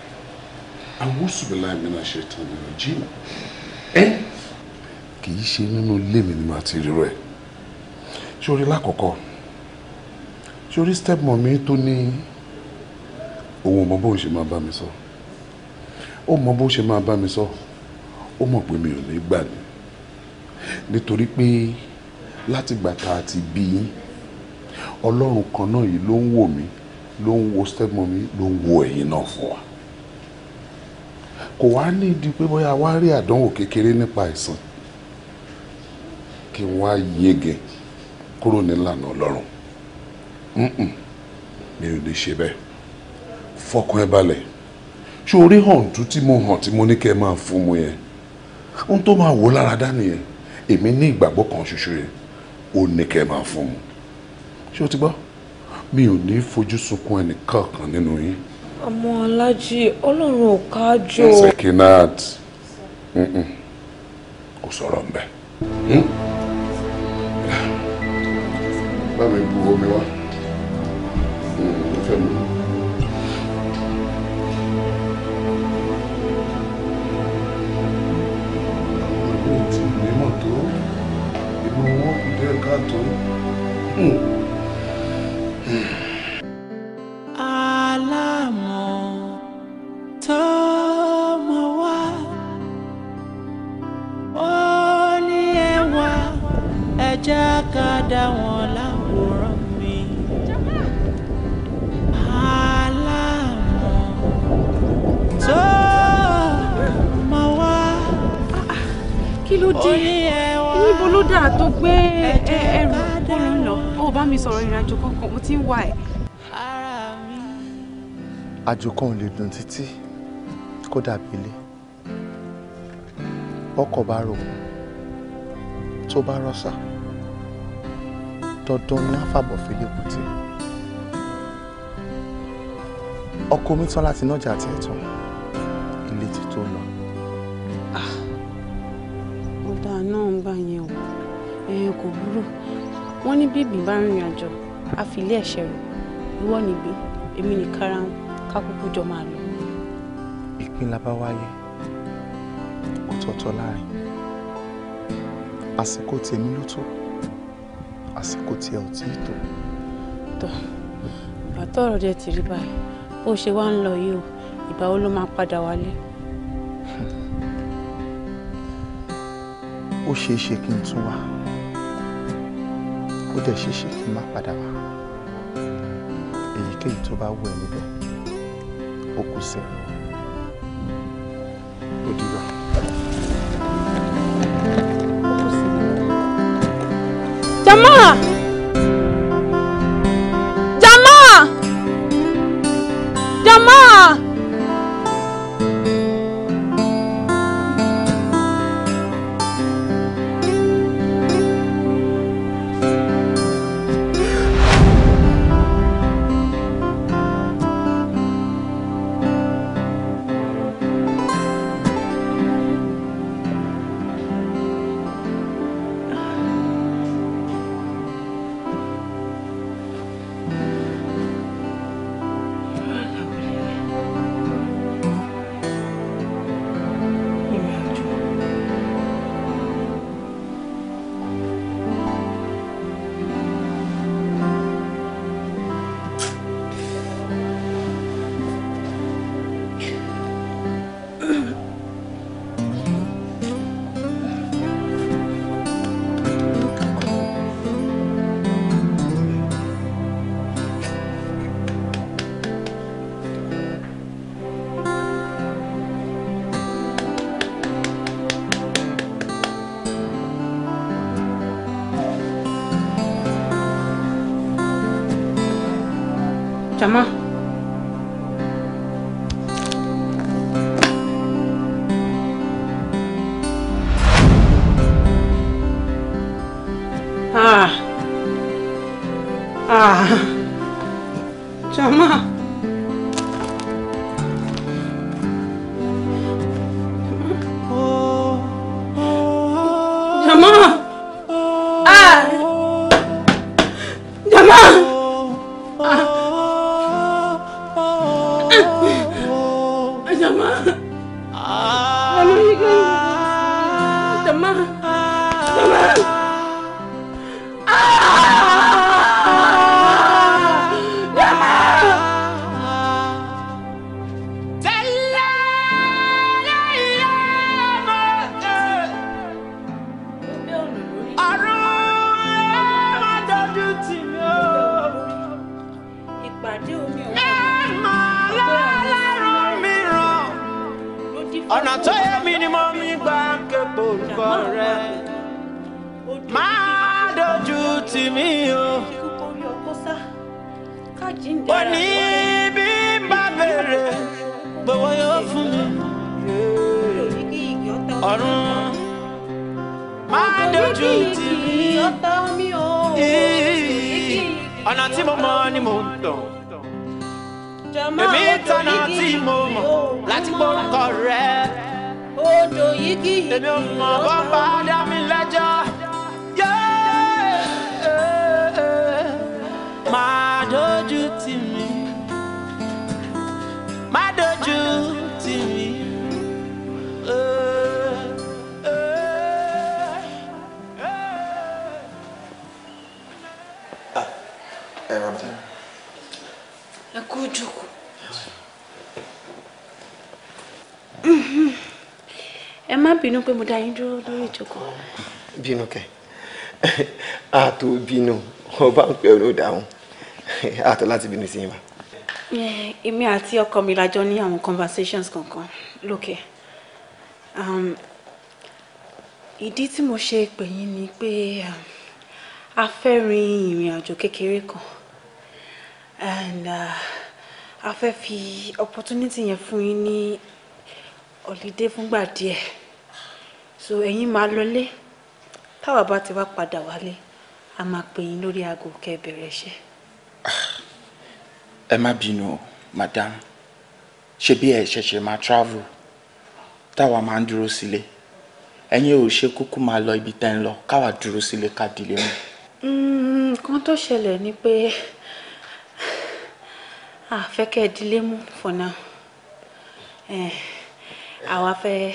S8: awúsùbìlà ìmìnà ṣètò ìrìn jí ẹ kì í ṣe nínú ilé mi ni màá ti rí rẹ ṣé orí lákọ̀ọ́kọ́ sórí stepmom mi tó ní òun ò mọ bó ṣe máa bá mi sọ ó mọ bó ṣe máa bá mi sọ ó mọ̀ pé mi ò ní gbà ní nítorí pé látìgbà tá a ti bí yín ọlọ́run kan náà yìí ló ń wò mí ló ń wo stepmom mi ló ń wo ẹ̀yin náà fún wa kò wá ní ìdí pé bóyá wá rí àdánwò kékeré nípa àìsàn kí n wá yege kúrò nílànà ọlọ́run mi ò lè ṣe bẹ́ẹ̀ fọkàn ẹ balẹ̀ ṣé orí hàn tún tí mo hàn tí mo ní kẹ́ ẹ máa fún mu yẹn ohun tó máa wò lára dá nìyẹn èmi ní ìgbàgbọ́ kan ṣoṣo yẹn ó ní kẹ́ ẹ máa fún mu ṣé o ti gbọ́ mi ò ní fojú sunkún ẹnìkan kan nínú yín.
S9: àmọ́ alájí ọlọ́run ò kájọ. ẹsẹ̀
S8: kinat kò sọ̀rọ̀ ń bẹ̀. Hmm? bá bu
S4: omi wá mọ́tò
S8: ìmọ̀
S5: mi sọ̀rọ̀ ìrìnàjò kankan mo ti ń wá ẹ̀.
S1: àjò kan ò lè dùn títí kó dàbí ilé ọkọ̀ bá rò tó bá rọ́ṣà dandan ni àfàbọ̀ fi lè kùtì ọkọ̀ mi tán láti nájà tiẹ̀ tán.
S5: bí ìgbín bá rìnrìn àjò a fi ilé ẹ̀ṣẹ̀ rẹ̀ ìwọ nìgbín èmi ní karahun ká kúkú jọ máa lọ.
S1: ìpín la bá wáyé ọ̀tọ̀ọ̀tọ̀ láàrin àsìkò tèmi ló tó àsìkò tí ẹ ò tí ì tó.
S5: tọ́ bàtọ́ ọ̀rọ̀ dẹ ti rí báyìí bó ṣe wá ń lọ yìí o ìgbà wo ló máa padà wálé.
S1: ó ṣeé ṣe kí n tún wá ó dẹ̀ ṣe é ṣe kí n má padà wá èyíkéyìí tó bá wù ẹ́ níbẹ̀ ó kù sí Tamam. ọba ń pẹ́ òun ò dáhùn àtọ̀ láti bínú sí yín
S5: èmi àti ọkọ mi lájọ ní àwọn conversations kankan lókè um, ìdí tí mo ṣe pè yín ni pé um, a fẹ́ rin ìrìn àjò kékeré kan and uh, a fẹ́ fi opportunity yẹn fún yín ní ọ̀lídé fúngbà díẹ̀ so ẹ̀yin máa lọlé táwa bá ti wá padà wálé a máa pè yín lórí aago kẹ́ bẹ̀rẹ̀ iṣẹ́.
S4: ẹ má bínú madam ṣe bí ẹ
S1: ṣẹ̀ṣẹ̀ máa travel táwa máa ń dúró sílé ẹ̀yin ò ṣe kúkú máa lọ ibi tẹ́ ń lọ káwa dúró sílé ká dìlé mu.
S5: Hmm, nǹkan tó ṣẹlẹ̀ ni pé àfẹ́kẹ́ ìdílé mú for now àwa fẹ́.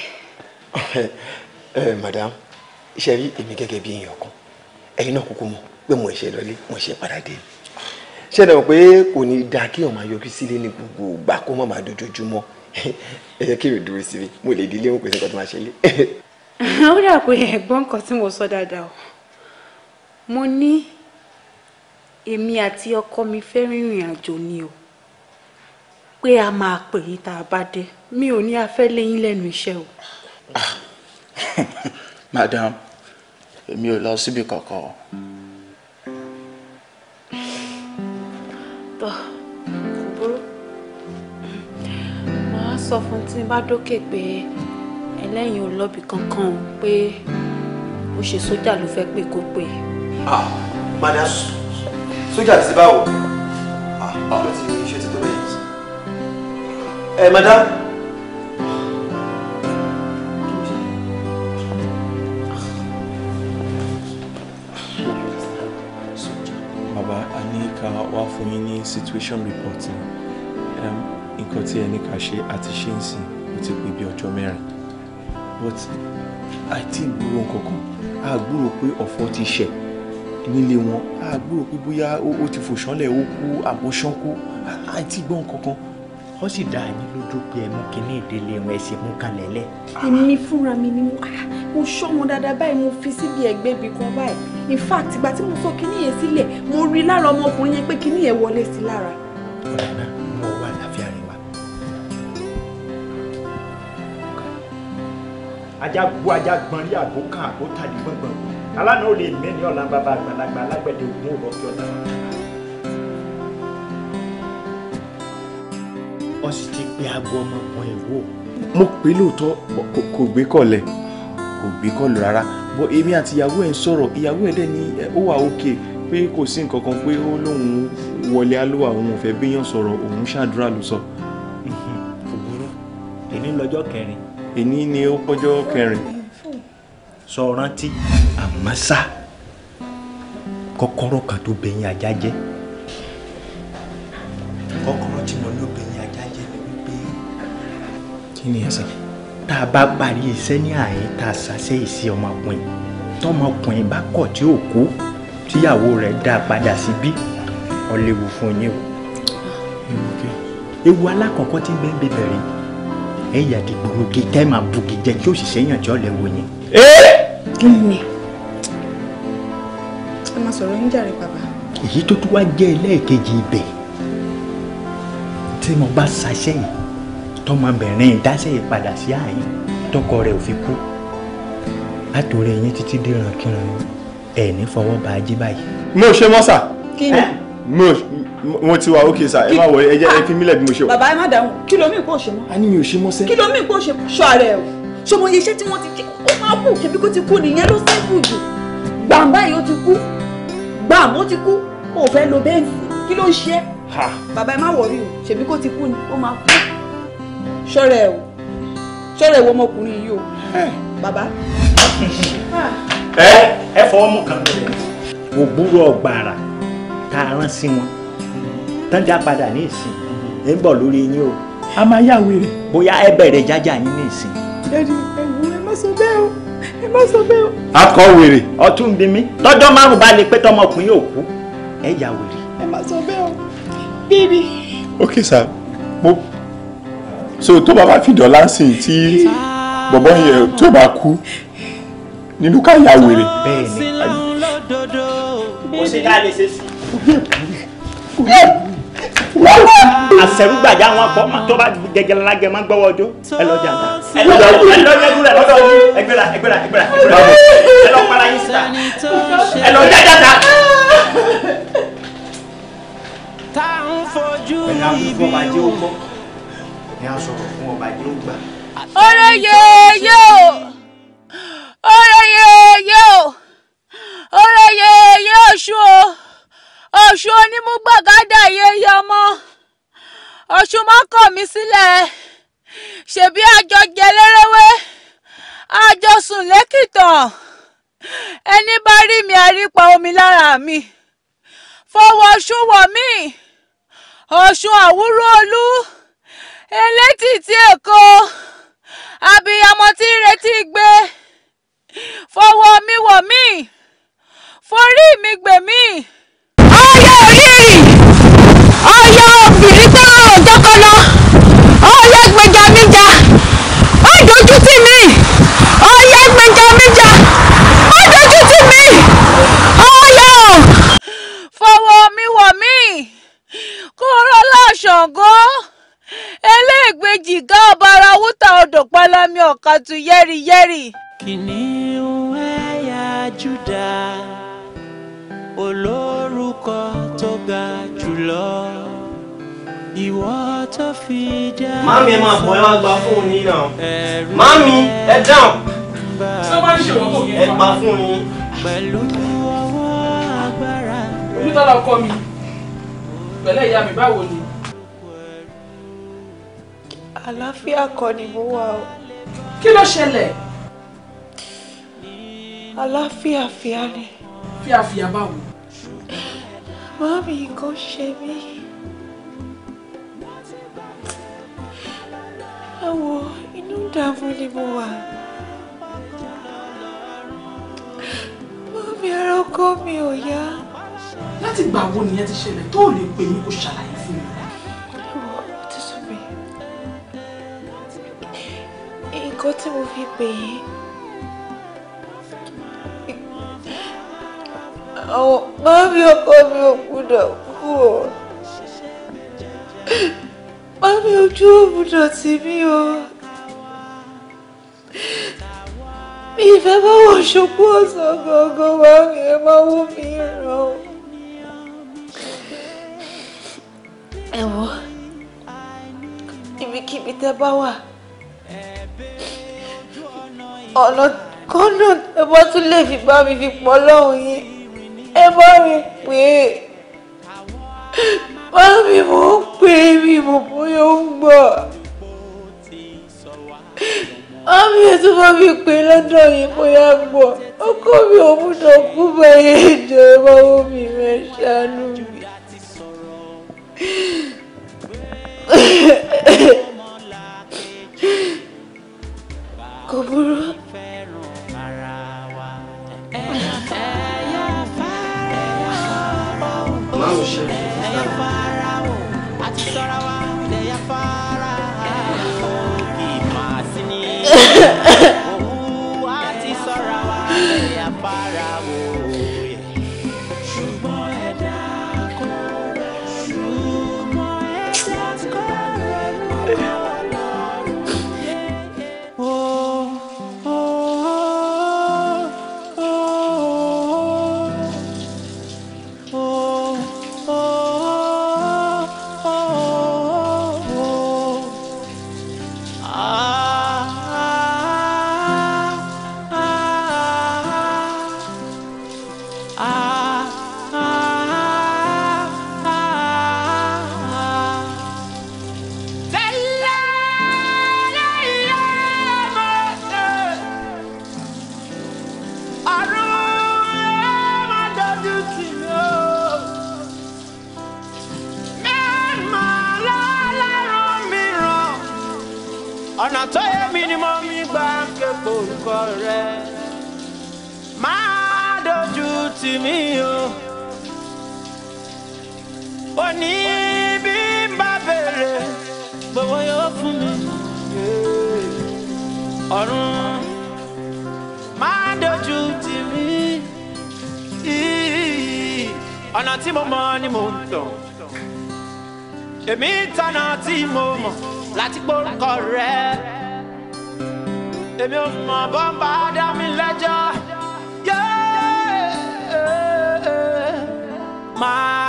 S3: Eh, madam ṣe rí èmi gẹ́gẹ́ bí èèyàn kan ẹ̀yin náà kúkú mọ̀ pé mo ṣe lọlé mo ṣe padà dé ṣé ẹ pé kò ní dáa kí ọmọ ayọjú sílé ní gbogbo ìgbà kó má máa dojoojúmọ́ ẹ yẹ kí èrè dúró síbi mo lè dílé òun kò sí tó máa ṣe lé.
S5: ó dà pé ẹ̀gbọ́n nǹkan tí mo sọ dáadáa o mo ní èmi àti ọkọ mi fẹ́ rìnrìn àjò ni o pé a máa pè yín tá a bá dé mi ò ní afẹ́ lẹ́yìn lẹ́nu iṣẹ́ o. Ah,
S4: madam
S1: èmi ò lọ síbi kankan.
S5: tọ́ kò burú màá sọ fún tí n bá dókè pé ẹlẹ́yin ò lọ́bì kankan pé ó ṣe sójà ló fẹ́ pé kó pè.
S7: ah madam sójà ti báwo ah ló ti ṣe ti tó bẹ́ẹ̀. ẹ madam.
S3: wá fún yín ní situation reporting, nǹkan tí ẹni kà ṣe àti
S1: ṣe ń sìn ó ti pé bí ọjọ́ mẹ́rin but àìtí gbúrò nǹkankan
S3: a gbúrò pé ọ̀fọ̀ ti ṣẹ̀ nílé wọn a gbúrò pé bóyá ó ti fòṣánlẹ̀ ó kú àbóṣán kú àìtí gbọ́ nǹkankan ó sì dá ẹni dúpẹ́ ẹ mú kínní ìdílé wọn ẹ sì mú kalẹ̀ lẹ̀.
S5: èmi fúnra mi ni mo ah, ṣọ́ wọn dáadáa báyìí mo fi síbi ẹ̀gbẹ́ ibì kan báyìí in fact ìgbà tí mo sọ kínní yẹn sílẹ̀ mo rí lára ọmọkùnrin yẹn pé kínní yẹn wọlé sí lára.
S3: ọ̀dàná mo wà láfíà rẹ wa. ajá gbó ajá gbọ́n rí àgó kan àgó tàbí gbọ̀ngbọ̀n alánà ó lè mẹ́ni ọ̀la àgbàlagbà alágbẹ̀dẹ ògún òrọ̀ fi ọ̀la. wọ́n sì ti pe aago ọmọkùnrin wò. mo pè é lóòótọ́ kò gbé kọ̀lẹ̀ kò gbé kọ̀lẹ̀ rárá bọ́ èmi àti ìyàwó ẹ̀ ń sọ̀rọ̀ ìyàwó ẹ̀ dẹ̀ ni ó wà òkè pé kò sí nǹkan kan pé ó lóun wọlé alówà òun ò fẹ́ béèyàn sọ̀rọ̀ òun ṣàdúrà ló sọ. òwúrọ̀ èní lọ́jọ́ kẹrin. èní ni ó pọ́jọ́ kẹrin. sọ rántí. àmọ́ ṣá kan tó bẹ̀yìn ajá jẹ́ kọ́kọ́rọ́ tí mo ló bẹ kí ni ẹsẹ̀ tá a bá parí iṣẹ́ ní àyín tá a ṣàṣẹ ìṣe ọmọkùnrin tọmọkùnrin bá kọ̀ tí ò kú tíyàwó rẹ̀ dá a padà síbí ọ̀lẹ́wò fún yín o ewu alákọ̀ọ́kọ́ tí ń bẹ́ẹ̀ bẹ bẹ̀rẹ̀ ẹ̀yà dìgbòrò kí tẹ́ máa bugi jẹ kí òṣìṣẹ́ yàn jọ́ lẹ́wọ̀ yẹn.
S5: kí ni ẹ máa sọ̀rọ̀ ń jàre bàbá.
S3: èyí tó tún wá jẹ́ ẹlẹ́ẹ̀kejì ibẹ̀ tí mo bá ṣàṣẹ́yìn tọmọbìnrin dáṣẹ́ ìpadà sí ààyè tọkọ rẹ̀ ò fi kú látòrí ẹyin títí dìran kíran ẹ ní fọwọ́ bá jí báyìí. mo ṣe mọ́ sà. kí ni. mo mo ti wà ókè sà ẹ má wọ ẹ jẹ ẹ fi mílẹ̀ bí mo ṣe wà. bàbá
S5: ẹ má dáhùn kí ló mí kó ṣe mọ́. a ní mi ò
S7: ṣe mọ́ sẹ́. kí ló mí kó ṣe sọ ààrẹ o ṣọmọ iye iṣẹ́ tí wọ́n ti kí ó máa kú kébí kó ti kú nìyẹn ló sẹ́kù jù gbàǹbá yìí ó ti kú gbàǹbó ti kú kó fẹ́ lo bẹ́ẹ̀nsì
S5: kí ló ń ṣe bàbá ẹ má wọrí o ṣèbí kó ti kú ni ó máa kú ṣọ́ra ẹ̀ o ṣọ́ra ẹ̀ wo ọmọkùnrin yìí o bàbá.
S3: ẹ ẹ fọwọ́ mú kan bẹ̀rẹ̀. ògbúrò ọ̀gbàrà tá a rán sí wọn tán já padà ní ìsìn ẹ ń bọ̀ lórí yín o. a máa yá wèrè. bóyá ẹ bẹ̀rẹ̀ jájà yín ní ìsìn.
S7: ẹ ẹ wo ẹ má sọ bẹ́ẹ̀ o ẹ má sọ bẹ́ẹ̀ o.
S3: akọ wèrè. ọtún bí mi tọjọ márùn bá lè pé tọmọkùnrin yóò kú ẹ yà wèrè.
S7: ẹ má sọ bẹ́ẹ̀ o bíbí.
S3: ok sir mo so tó
S1: bá bá fi dọ̀là sí i tí bọ̀bọ̀ yẹn tó bá kú nínú ká ya wèrè.
S3: mo ṣe ká lè ṣe sí. àṣẹrúgbàjà wọn kọ tó bá gẹgẹ lágẹ máa gbọwọ ọjọ ẹ lọ jàdá. ẹ lọ jẹ ẹgbẹ́ra ẹgbẹ́ra ẹgbẹ́ra ẹgbẹ́ra
S6: ẹ lọ para yín síta ẹ lọ jẹ jàdá
S3: tá à ń fojú ibi wò ni a sọ̀rọ̀ fún ọba yóò gbà.
S5: olóyè yóò olóyè yóò olóyè yóò ṣú o ọ̀ṣun onímúgbàgádà yeye ọmọ ọ̀ṣun má kọ̀ mí sílẹ̀ ṣebí àjọ jẹlẹ́rẹ́wé àjọ sùn lẹ́kìtàn ẹni bá rí mi àrípa omi lára mi fọwọ́ ọ̀ṣun wọ̀ mí ọ̀ṣun àwúrò olú elétìtì èkó abiyamọ tí ń retí gbé fọwọ́ mi wọ̀ mí forí mi gbè mí. ọyọ orírì ọyọ obìnrin tó rọrùn jọkọlọ ọyọ gbèjà mi jà ó dojú tì mí ọyọ gbèjà mi jà ó dojú tì mí ọyọ. fọwọ́ mi wọ̀ mí kúrò lọ́sọ̀gọ́ eléègbèjì ká ọbara wútà odò pálámi ọ̀ka tu yẹ́rìyẹ́rì.
S6: kìnìún ẹ̀yà júdà olórúkọ tó ga jùlọ ìwọ tó fi dá. mami ẹ máa bọ̀ ẹ wá gba fóònù yìí náà mami ẹ dáhùn. sábà ń ṣe wọ́pọ̀ yẹn. ẹ gba fóònù yìí. pẹ̀lú ọwọ́ agbára rẹ̀. olùtọ́lá ọkọ mi
S2: pẹ̀lẹ́ ìyá mi báwo ni
S9: àlàáfíà kọ́ ni mo wà o. kí ló ṣẹlẹ̀. àlàáfíà fíà ni.
S2: fíàfíà báwo.
S9: màámi nǹkan ṣe mí. ẹ wo inú ìdààmú ni mo wà. màámi ara mi ò yá.
S2: láti gbà wo nìyẹn ti ṣẹlẹ̀ tó lè pè mí kó ṣàlàyé fún mi.
S9: nǹkan tí mo fi pè yín àwọn mọ́mí ọkọ mi ò gbúdọ̀ kú o mọ́mí ojú ò gbúdọ̀ tì mí o mi ìfẹ́ bá wọ̀ ṣokú ọ̀sán gangan wá mi ẹ máa wú mi ràn o. ẹ̀wọ̀n ibikíbi tẹ́ bá wà ọ̀nà kọ́nà ẹ bá tún lè fi bá mi fi pọ̀ lọ́hùn yín ẹ bá mi pè é bá mi mò ń pè é mi mò bóyá ó ń gbọ́ bá mi ẹ tún bá mi pè é lọ́dọ̀ yìí bóyá gbọ́ ọkọ mi ò gbúdọ̀ kú bẹ́ẹ̀ ìjọ ẹ bá wọ́n mi rẹ̀ ṣàánú mi. Hehehehe kò burú.
S6: máa
S9: ń ṣe
S6: rẹ má dojú tì mí o ò ní bí n bá béèrè gbogbo yóò fún mi ọ̀run má dojú tì mí ọ̀nà tí mo mọ̀ ni mo ń tọ̀ èmi tanà tí mo mọ̀ láti gbórúkọ rẹ èmi ò mọ̀ bọ́m̀bà dá mi lẹ́jọ́. máa.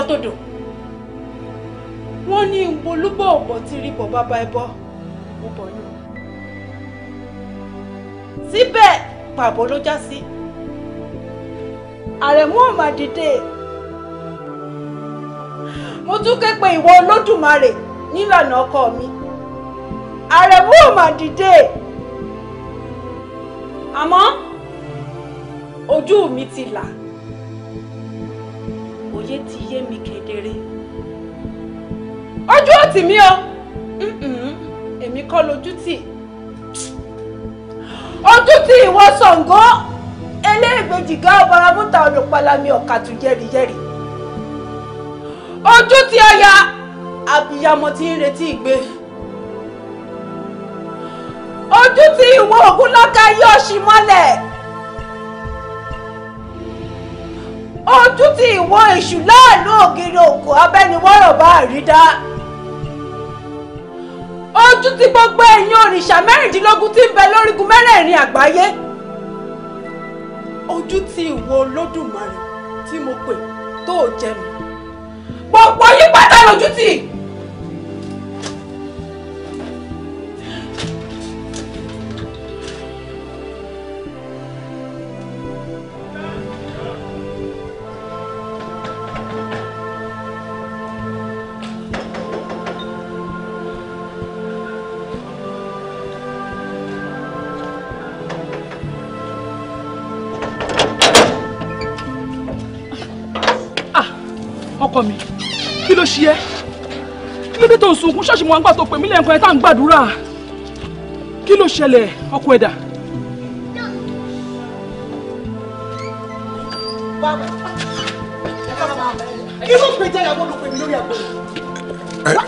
S5: bọ́ tó dùn wọ́n ní olúbọ̀ ọ̀bọ̀ tí rí bọ̀ bàbá ẹbọ mo bọ̀ yín síbẹ̀ pàbó ló já sí àrẹ̀mú ọ̀mà dìde mo tún ké pe ìwọ olódùmarè nílànà ọkọ mi àrẹ̀mú ọ̀mà dìde àmọ́ ojú mi ti là ayé ti yé mi kedere ojú ò tì mí o èmi kọ́ lójú tì ojú tì ìwọ Ṣàngó eléègbèjìgá ọbaramúta olùpalami ọ̀kàtù jẹ́rìjẹ́rì ojú tì Ọya abiyamọ tí ń retí ìgbé ojú tì ìwọ Ògúnlọ́gà yóò ṣí mọ́lẹ̀. ojú tí ìwọ èṣù láàánú ògiri òkò abẹ́niwọ́rọ̀ bá rí dá ojú tí gbogbo ẹ̀yin òrìṣà mẹ́rìndínlógún tí ń bẹ lórígun mẹ́rẹ̀ẹ̀rin àgbáyé
S2: ojú tí ìwọ olódùmarè tí mo pè tó jẹ mi gbogbo yín pátá lójú tì í. ọkọ mi kí ló ṣe ẹ́ kí ló dé tó ń sunkún ṣọ́ọ̀ṣì mo wá ń gbà tó pè mí lẹ́ẹ̀kan ẹ̀ tá à ń gbàdúrà kí ló ṣẹlẹ̀ ọkọ ẹ̀dà. kí
S7: ló pe jẹ́ ìyàwó ló pè mí lórí àgbo rẹ̀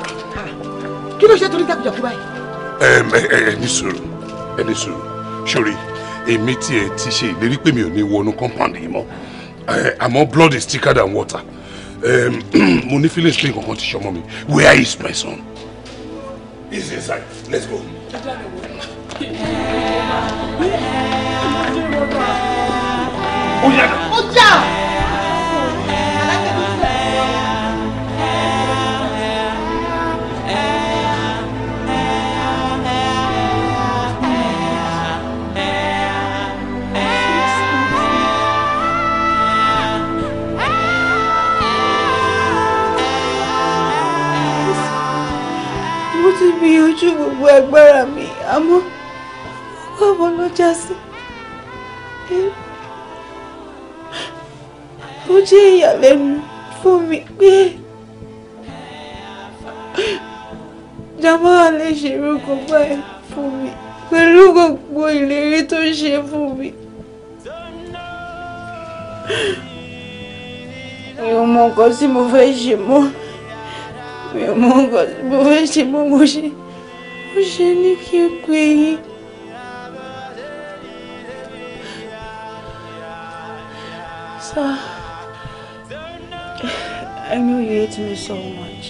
S7: kí ló ṣe torí jákujàku báyìí.
S8: ẹni sùúrù ẹni sùúrù sórí èmi tiẹ̀ ti ṣe ìlérí pé mi ò ní wọnú compound yìí mọ́ àmọ́ blood is thicker than water Um, Moni, ní feelings pé nǹkan kan ti ṣọmọ mi where is my son? he's inside let's go.
S6: ó yára.
S9: gbogbo agbára mi àmọ́ báwo ló já sí ó jẹ́ ìyàlẹ́nu fún mi pé Jamal lè ṣerú kó báyìí fún mi pẹ̀lú gbogbo ìlérí tó ṣe fún mi. mi ò mọ nǹkan tí mo fẹ́ ṣe mọ́ mi ò mọ nǹkan tí mo fẹ́ ṣe mọ́ mo ṣe. bó
S5: ṣe ní kí n So I know you hate me so much.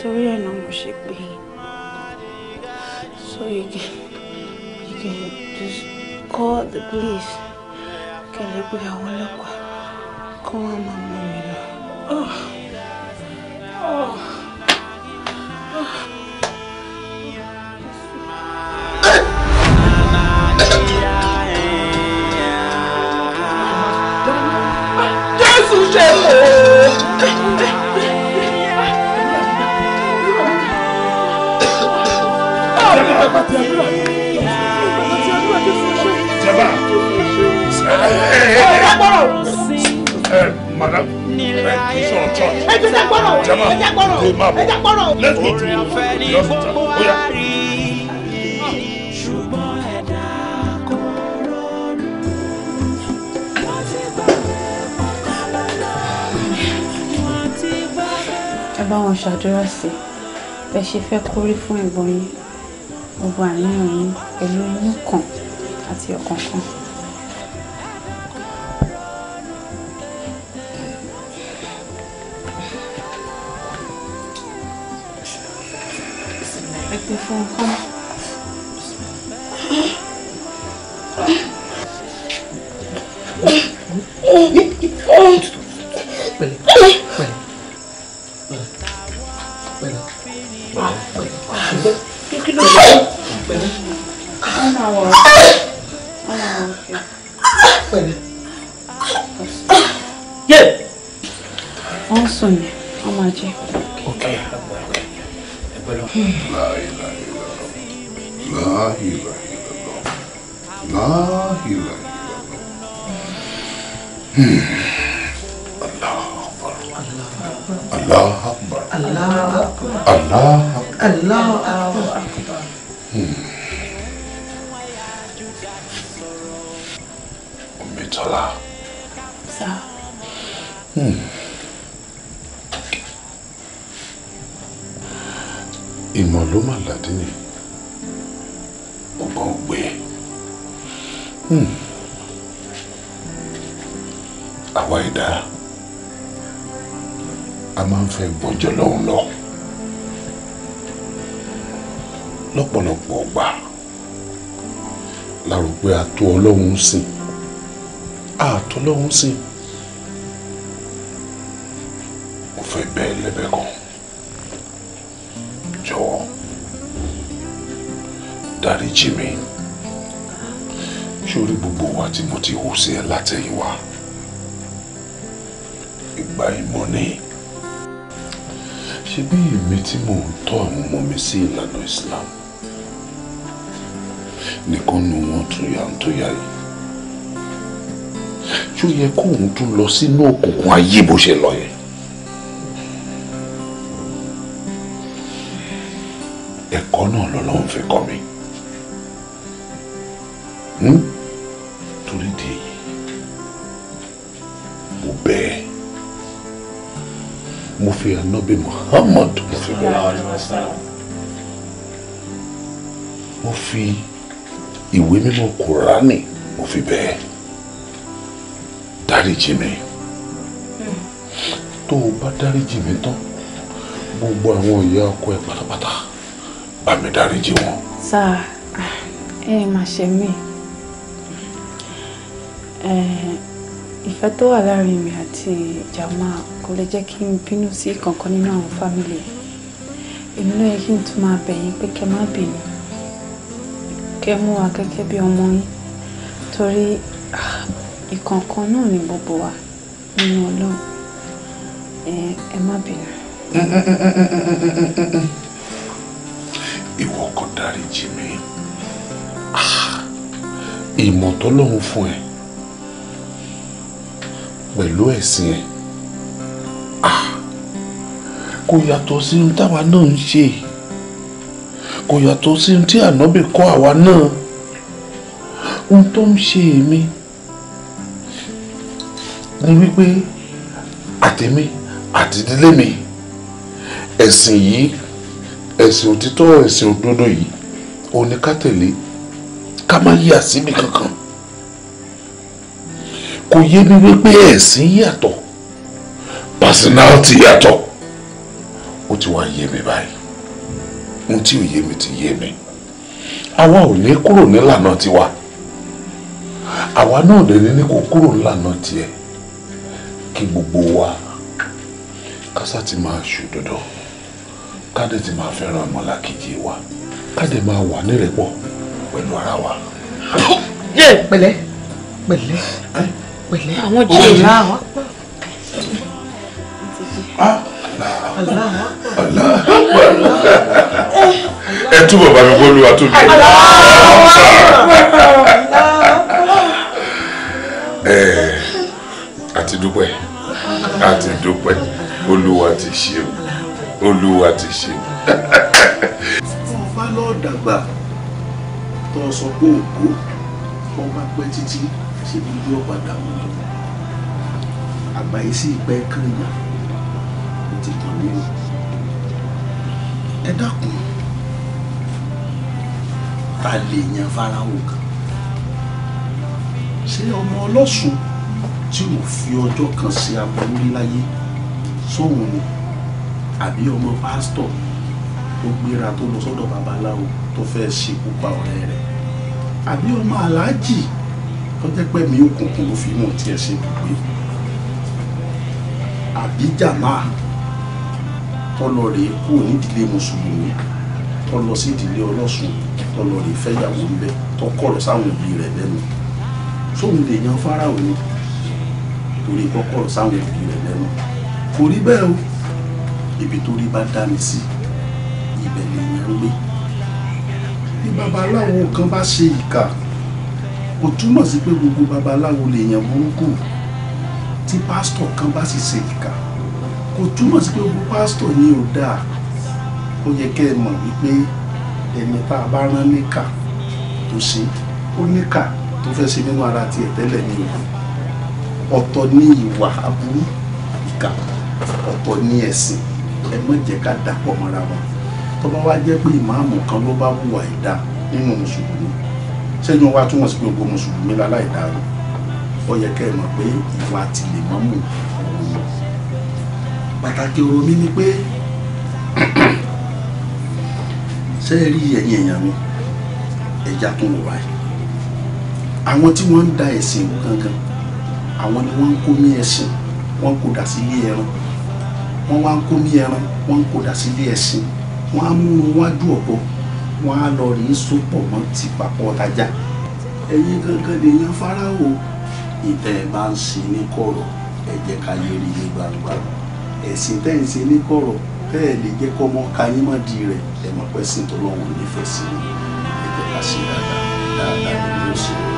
S5: Torí ẹ̀ náà mo ṣe pè yín. So
S9: you can, you can just call the police. Can you àwọn ọlọ́pàá kọ́ wọn máa mú mi Oh.
S6: ṣe o. Let's go to the hospital.
S5: bá wọn ṣàdúrà sí bẹ ṣe fẹ́ kórí fún ẹ̀gbọ́n yín gbogbo àníyàn yín pẹ̀lú inú kan àti ọ̀kọ̀ọ̀kan.
S8: tó ọlọ́run sìn àtọ́lọ́run sìn kò fẹ́ bẹ́ẹ̀ lẹ́bẹ̀ẹ́ kan jọ̀wọ́ dáríjì mi sórí gbogbo wa tí mo ti hù sí ẹ látẹ̀yìnwá ìgbà ìmọ̀ ni ṣebí èmi tí mò ń tọ́ àwọn ọmọ mi sí ìlànà Islam nìkan nu wọn tóyà ń tóyà yìí ṣó yẹ kóun tún lọ sínú òkùnkùn ayé bó ṣe lọ yẹn ẹ̀kọ́ náà lọ́lọ́run fi kọ́ mi hm? torí di èyí mo bẹ́ẹ̀ mo fi ànábì Muhammad mo fi bẹ́ẹ̀ mo fi ìwé mímọ́ kùránì mo fi bẹ́ẹ̀ dáríjì mi hmm. tó o bá dáríjì mi tán gbogbo àwọn ìyá ọkọ ẹ pátápátá bá mi dáríjì wọn.
S5: sáà ẹ má ṣe mí ìfẹ́ tó wà láàrin mi àti Jàmá kò lè jẹ́ kí n bínú sí kankan nínú àwọn fámìlì èmi náà yẹ kí n tún máa bẹ̀yìn pé kẹ́ má bínú kẹ́ mú wa gẹ́gẹ́ bí ọmọ yín torí ah, ìkọ̀ọ̀kan náà ni gbogbo wa nínú ọlọ́run ẹ má bínú.
S10: ìwọ kan dáríjì
S8: mi ah, ìmọ̀ tọ́lọ́run fún ẹ pẹ̀lú ẹ̀sìn ẹ ah, kò yàtọ̀ sí ohun táwa náà ń ṣe yìí kò yàtọ̀ sí ohun tí ànábì kọ́ àwa náà ohun tó ń ṣe èmi ni wípé àtẹ̀mí àti ìdílé mi ẹ̀sìn yìí ẹ̀sìn òtítọ́ ẹ̀sìn òdodo yìí òun ni ká tẹ̀lé ká má yí àsíbì kankan kò yé mi wípé ẹ̀sìn yàtọ̀ personality yàtọ̀ ó ti wá yé mi báyìí ohun tí ò yé mi ti yé mi àwa ò ní kúrò nílànà tiwa àwa náà lè ní kó kúrò nílànà tiẹ̀ kí gbogbo wa kásá ti máa ṣòdodo kádẹ ti máa fẹ́ràn ọmọlàkejì wa kádẹ máa wà nírẹ̀pọ̀
S7: pẹ̀lú ara wa. pẹ̀lẹ́ pẹ̀lẹ́ pẹ̀lẹ́ àwọn jẹ́ ìlà wa ẹ
S8: túbọ̀ bá mi bọ́lúwa tó bí ẹ àti dúpẹ́ àti dúpẹ́ olúwa ti ṣe o olúwa ti ṣe o.
S4: fún ọba lọ́ọ́ dàgbà tó sọ pé òkú ọba pẹ́ títí ṣèbí ojú ọ̀padà mọ́ àgbáyé sí ìpẹ́ kan náà ó ti kàn mí o ẹ dákun ta lè yan Fáráò kan ṣé ọmọ ọlọ́sùn tí ò fi ọjọ́ kan ṣe aburú rí láyé sóhun ni àbí ọmọ pásítọ̀ tó gbéra tó lọ sọ́dọ̀ babaláwo tó fẹ́ ṣekú pa ọ̀rẹ́ rẹ̀ àbí ọmọ aláàjì tó jẹ́ pé mi òkùnkùn ló fi mọ̀ tiẹ̀ ṣe gbogbo àbí jàmáà tọ́lọ rẹ̀ kú nídìílé mùsùlùmí tọ́lọ sí ìdílé ọlọ́sùn tọ́lọ rẹ̀ fẹ́yàwó ńbẹ tọ́kọ̀rọ̀ sáwọn òbí rẹ̀ lẹ́nu sóhun lè yan fáráwò ni torí kọ́kọ̀rọ̀ sáwọn òbí rẹ̀ lẹ́nu kò rí bẹ́ẹ̀ o ibi tó rí bá dá mi sí ibẹ̀ lè yan gbé bí babaláwo kan bá ṣe ìkà kò túmọ̀ sí pé gbogbo babaláwo lè yan burúkú tí pásítọ̀ kan bá sì ṣe ìkà kò túmọ̀ sí pé gbogbo pásítọ̀ ni ò dáa ó yẹ kẹ́ ẹ mọ̀ wípé ẹni tá a bá rán níkà tó ṣe ó níkà tó fẹ́ ṣe nínú ara tiẹ̀ tẹ́lẹ̀ ni o ọ̀tọ̀ ní ìwà aburú ìkà ọ̀tọ̀ ní ẹ̀sìn ẹ má jẹ́ ká dàpọ̀ mọ́ra wọn tó bá wá jẹ́ pé ìmáàmù kan ló bá hùwà ìdá nínú mùsùlùmí sẹ́yìn wa túmọ̀ sí pé gbogbo mùsùlùmí láláìdá ó yẹ kẹ́ ẹ mọ̀ pé ìwà tìlẹ̀ mọ́mù pàtàkì ọ̀rọ̀ mi ni pé ṣé ẹ rí ẹ̀yin èèyàn mi ẹ̀já tó wọ̀ wáyé àwọn tí wọ́n ń da ẹ̀sìn wò gangan àwọn ni wọ́n ń kó mí ẹ̀sìn wọ́n kó dà sí ilé ẹran wọ́n wá ń kó mí ẹran wọ́n kó dà sí ilé ẹ̀sìn wọ́n á mú un wájú ọ̀bọ wọ́n á lọ rí sopọ̀ mọ́ ti papọ̀ tajà ẹ̀yin gangan lèèyàn fáráwò ìtẹ̀ bá ń sin ní kọ̀rọ̀ ẹ ká yé ní gbangba ẹ̀sìn tẹ́ ń ṣe ní kọ̀rọ̀ tẹ́ ẹ̀ lè jẹ́ kọ́mọ kayín mọ́ di rẹ̀ ẹ̀ mọ̀ pẹ́ sìn tó lọ́wọ́ nífẹ̀ẹ́ sí i ẹ̀jẹ̀ ká sí dáadáa dáadáa ló ń ṣe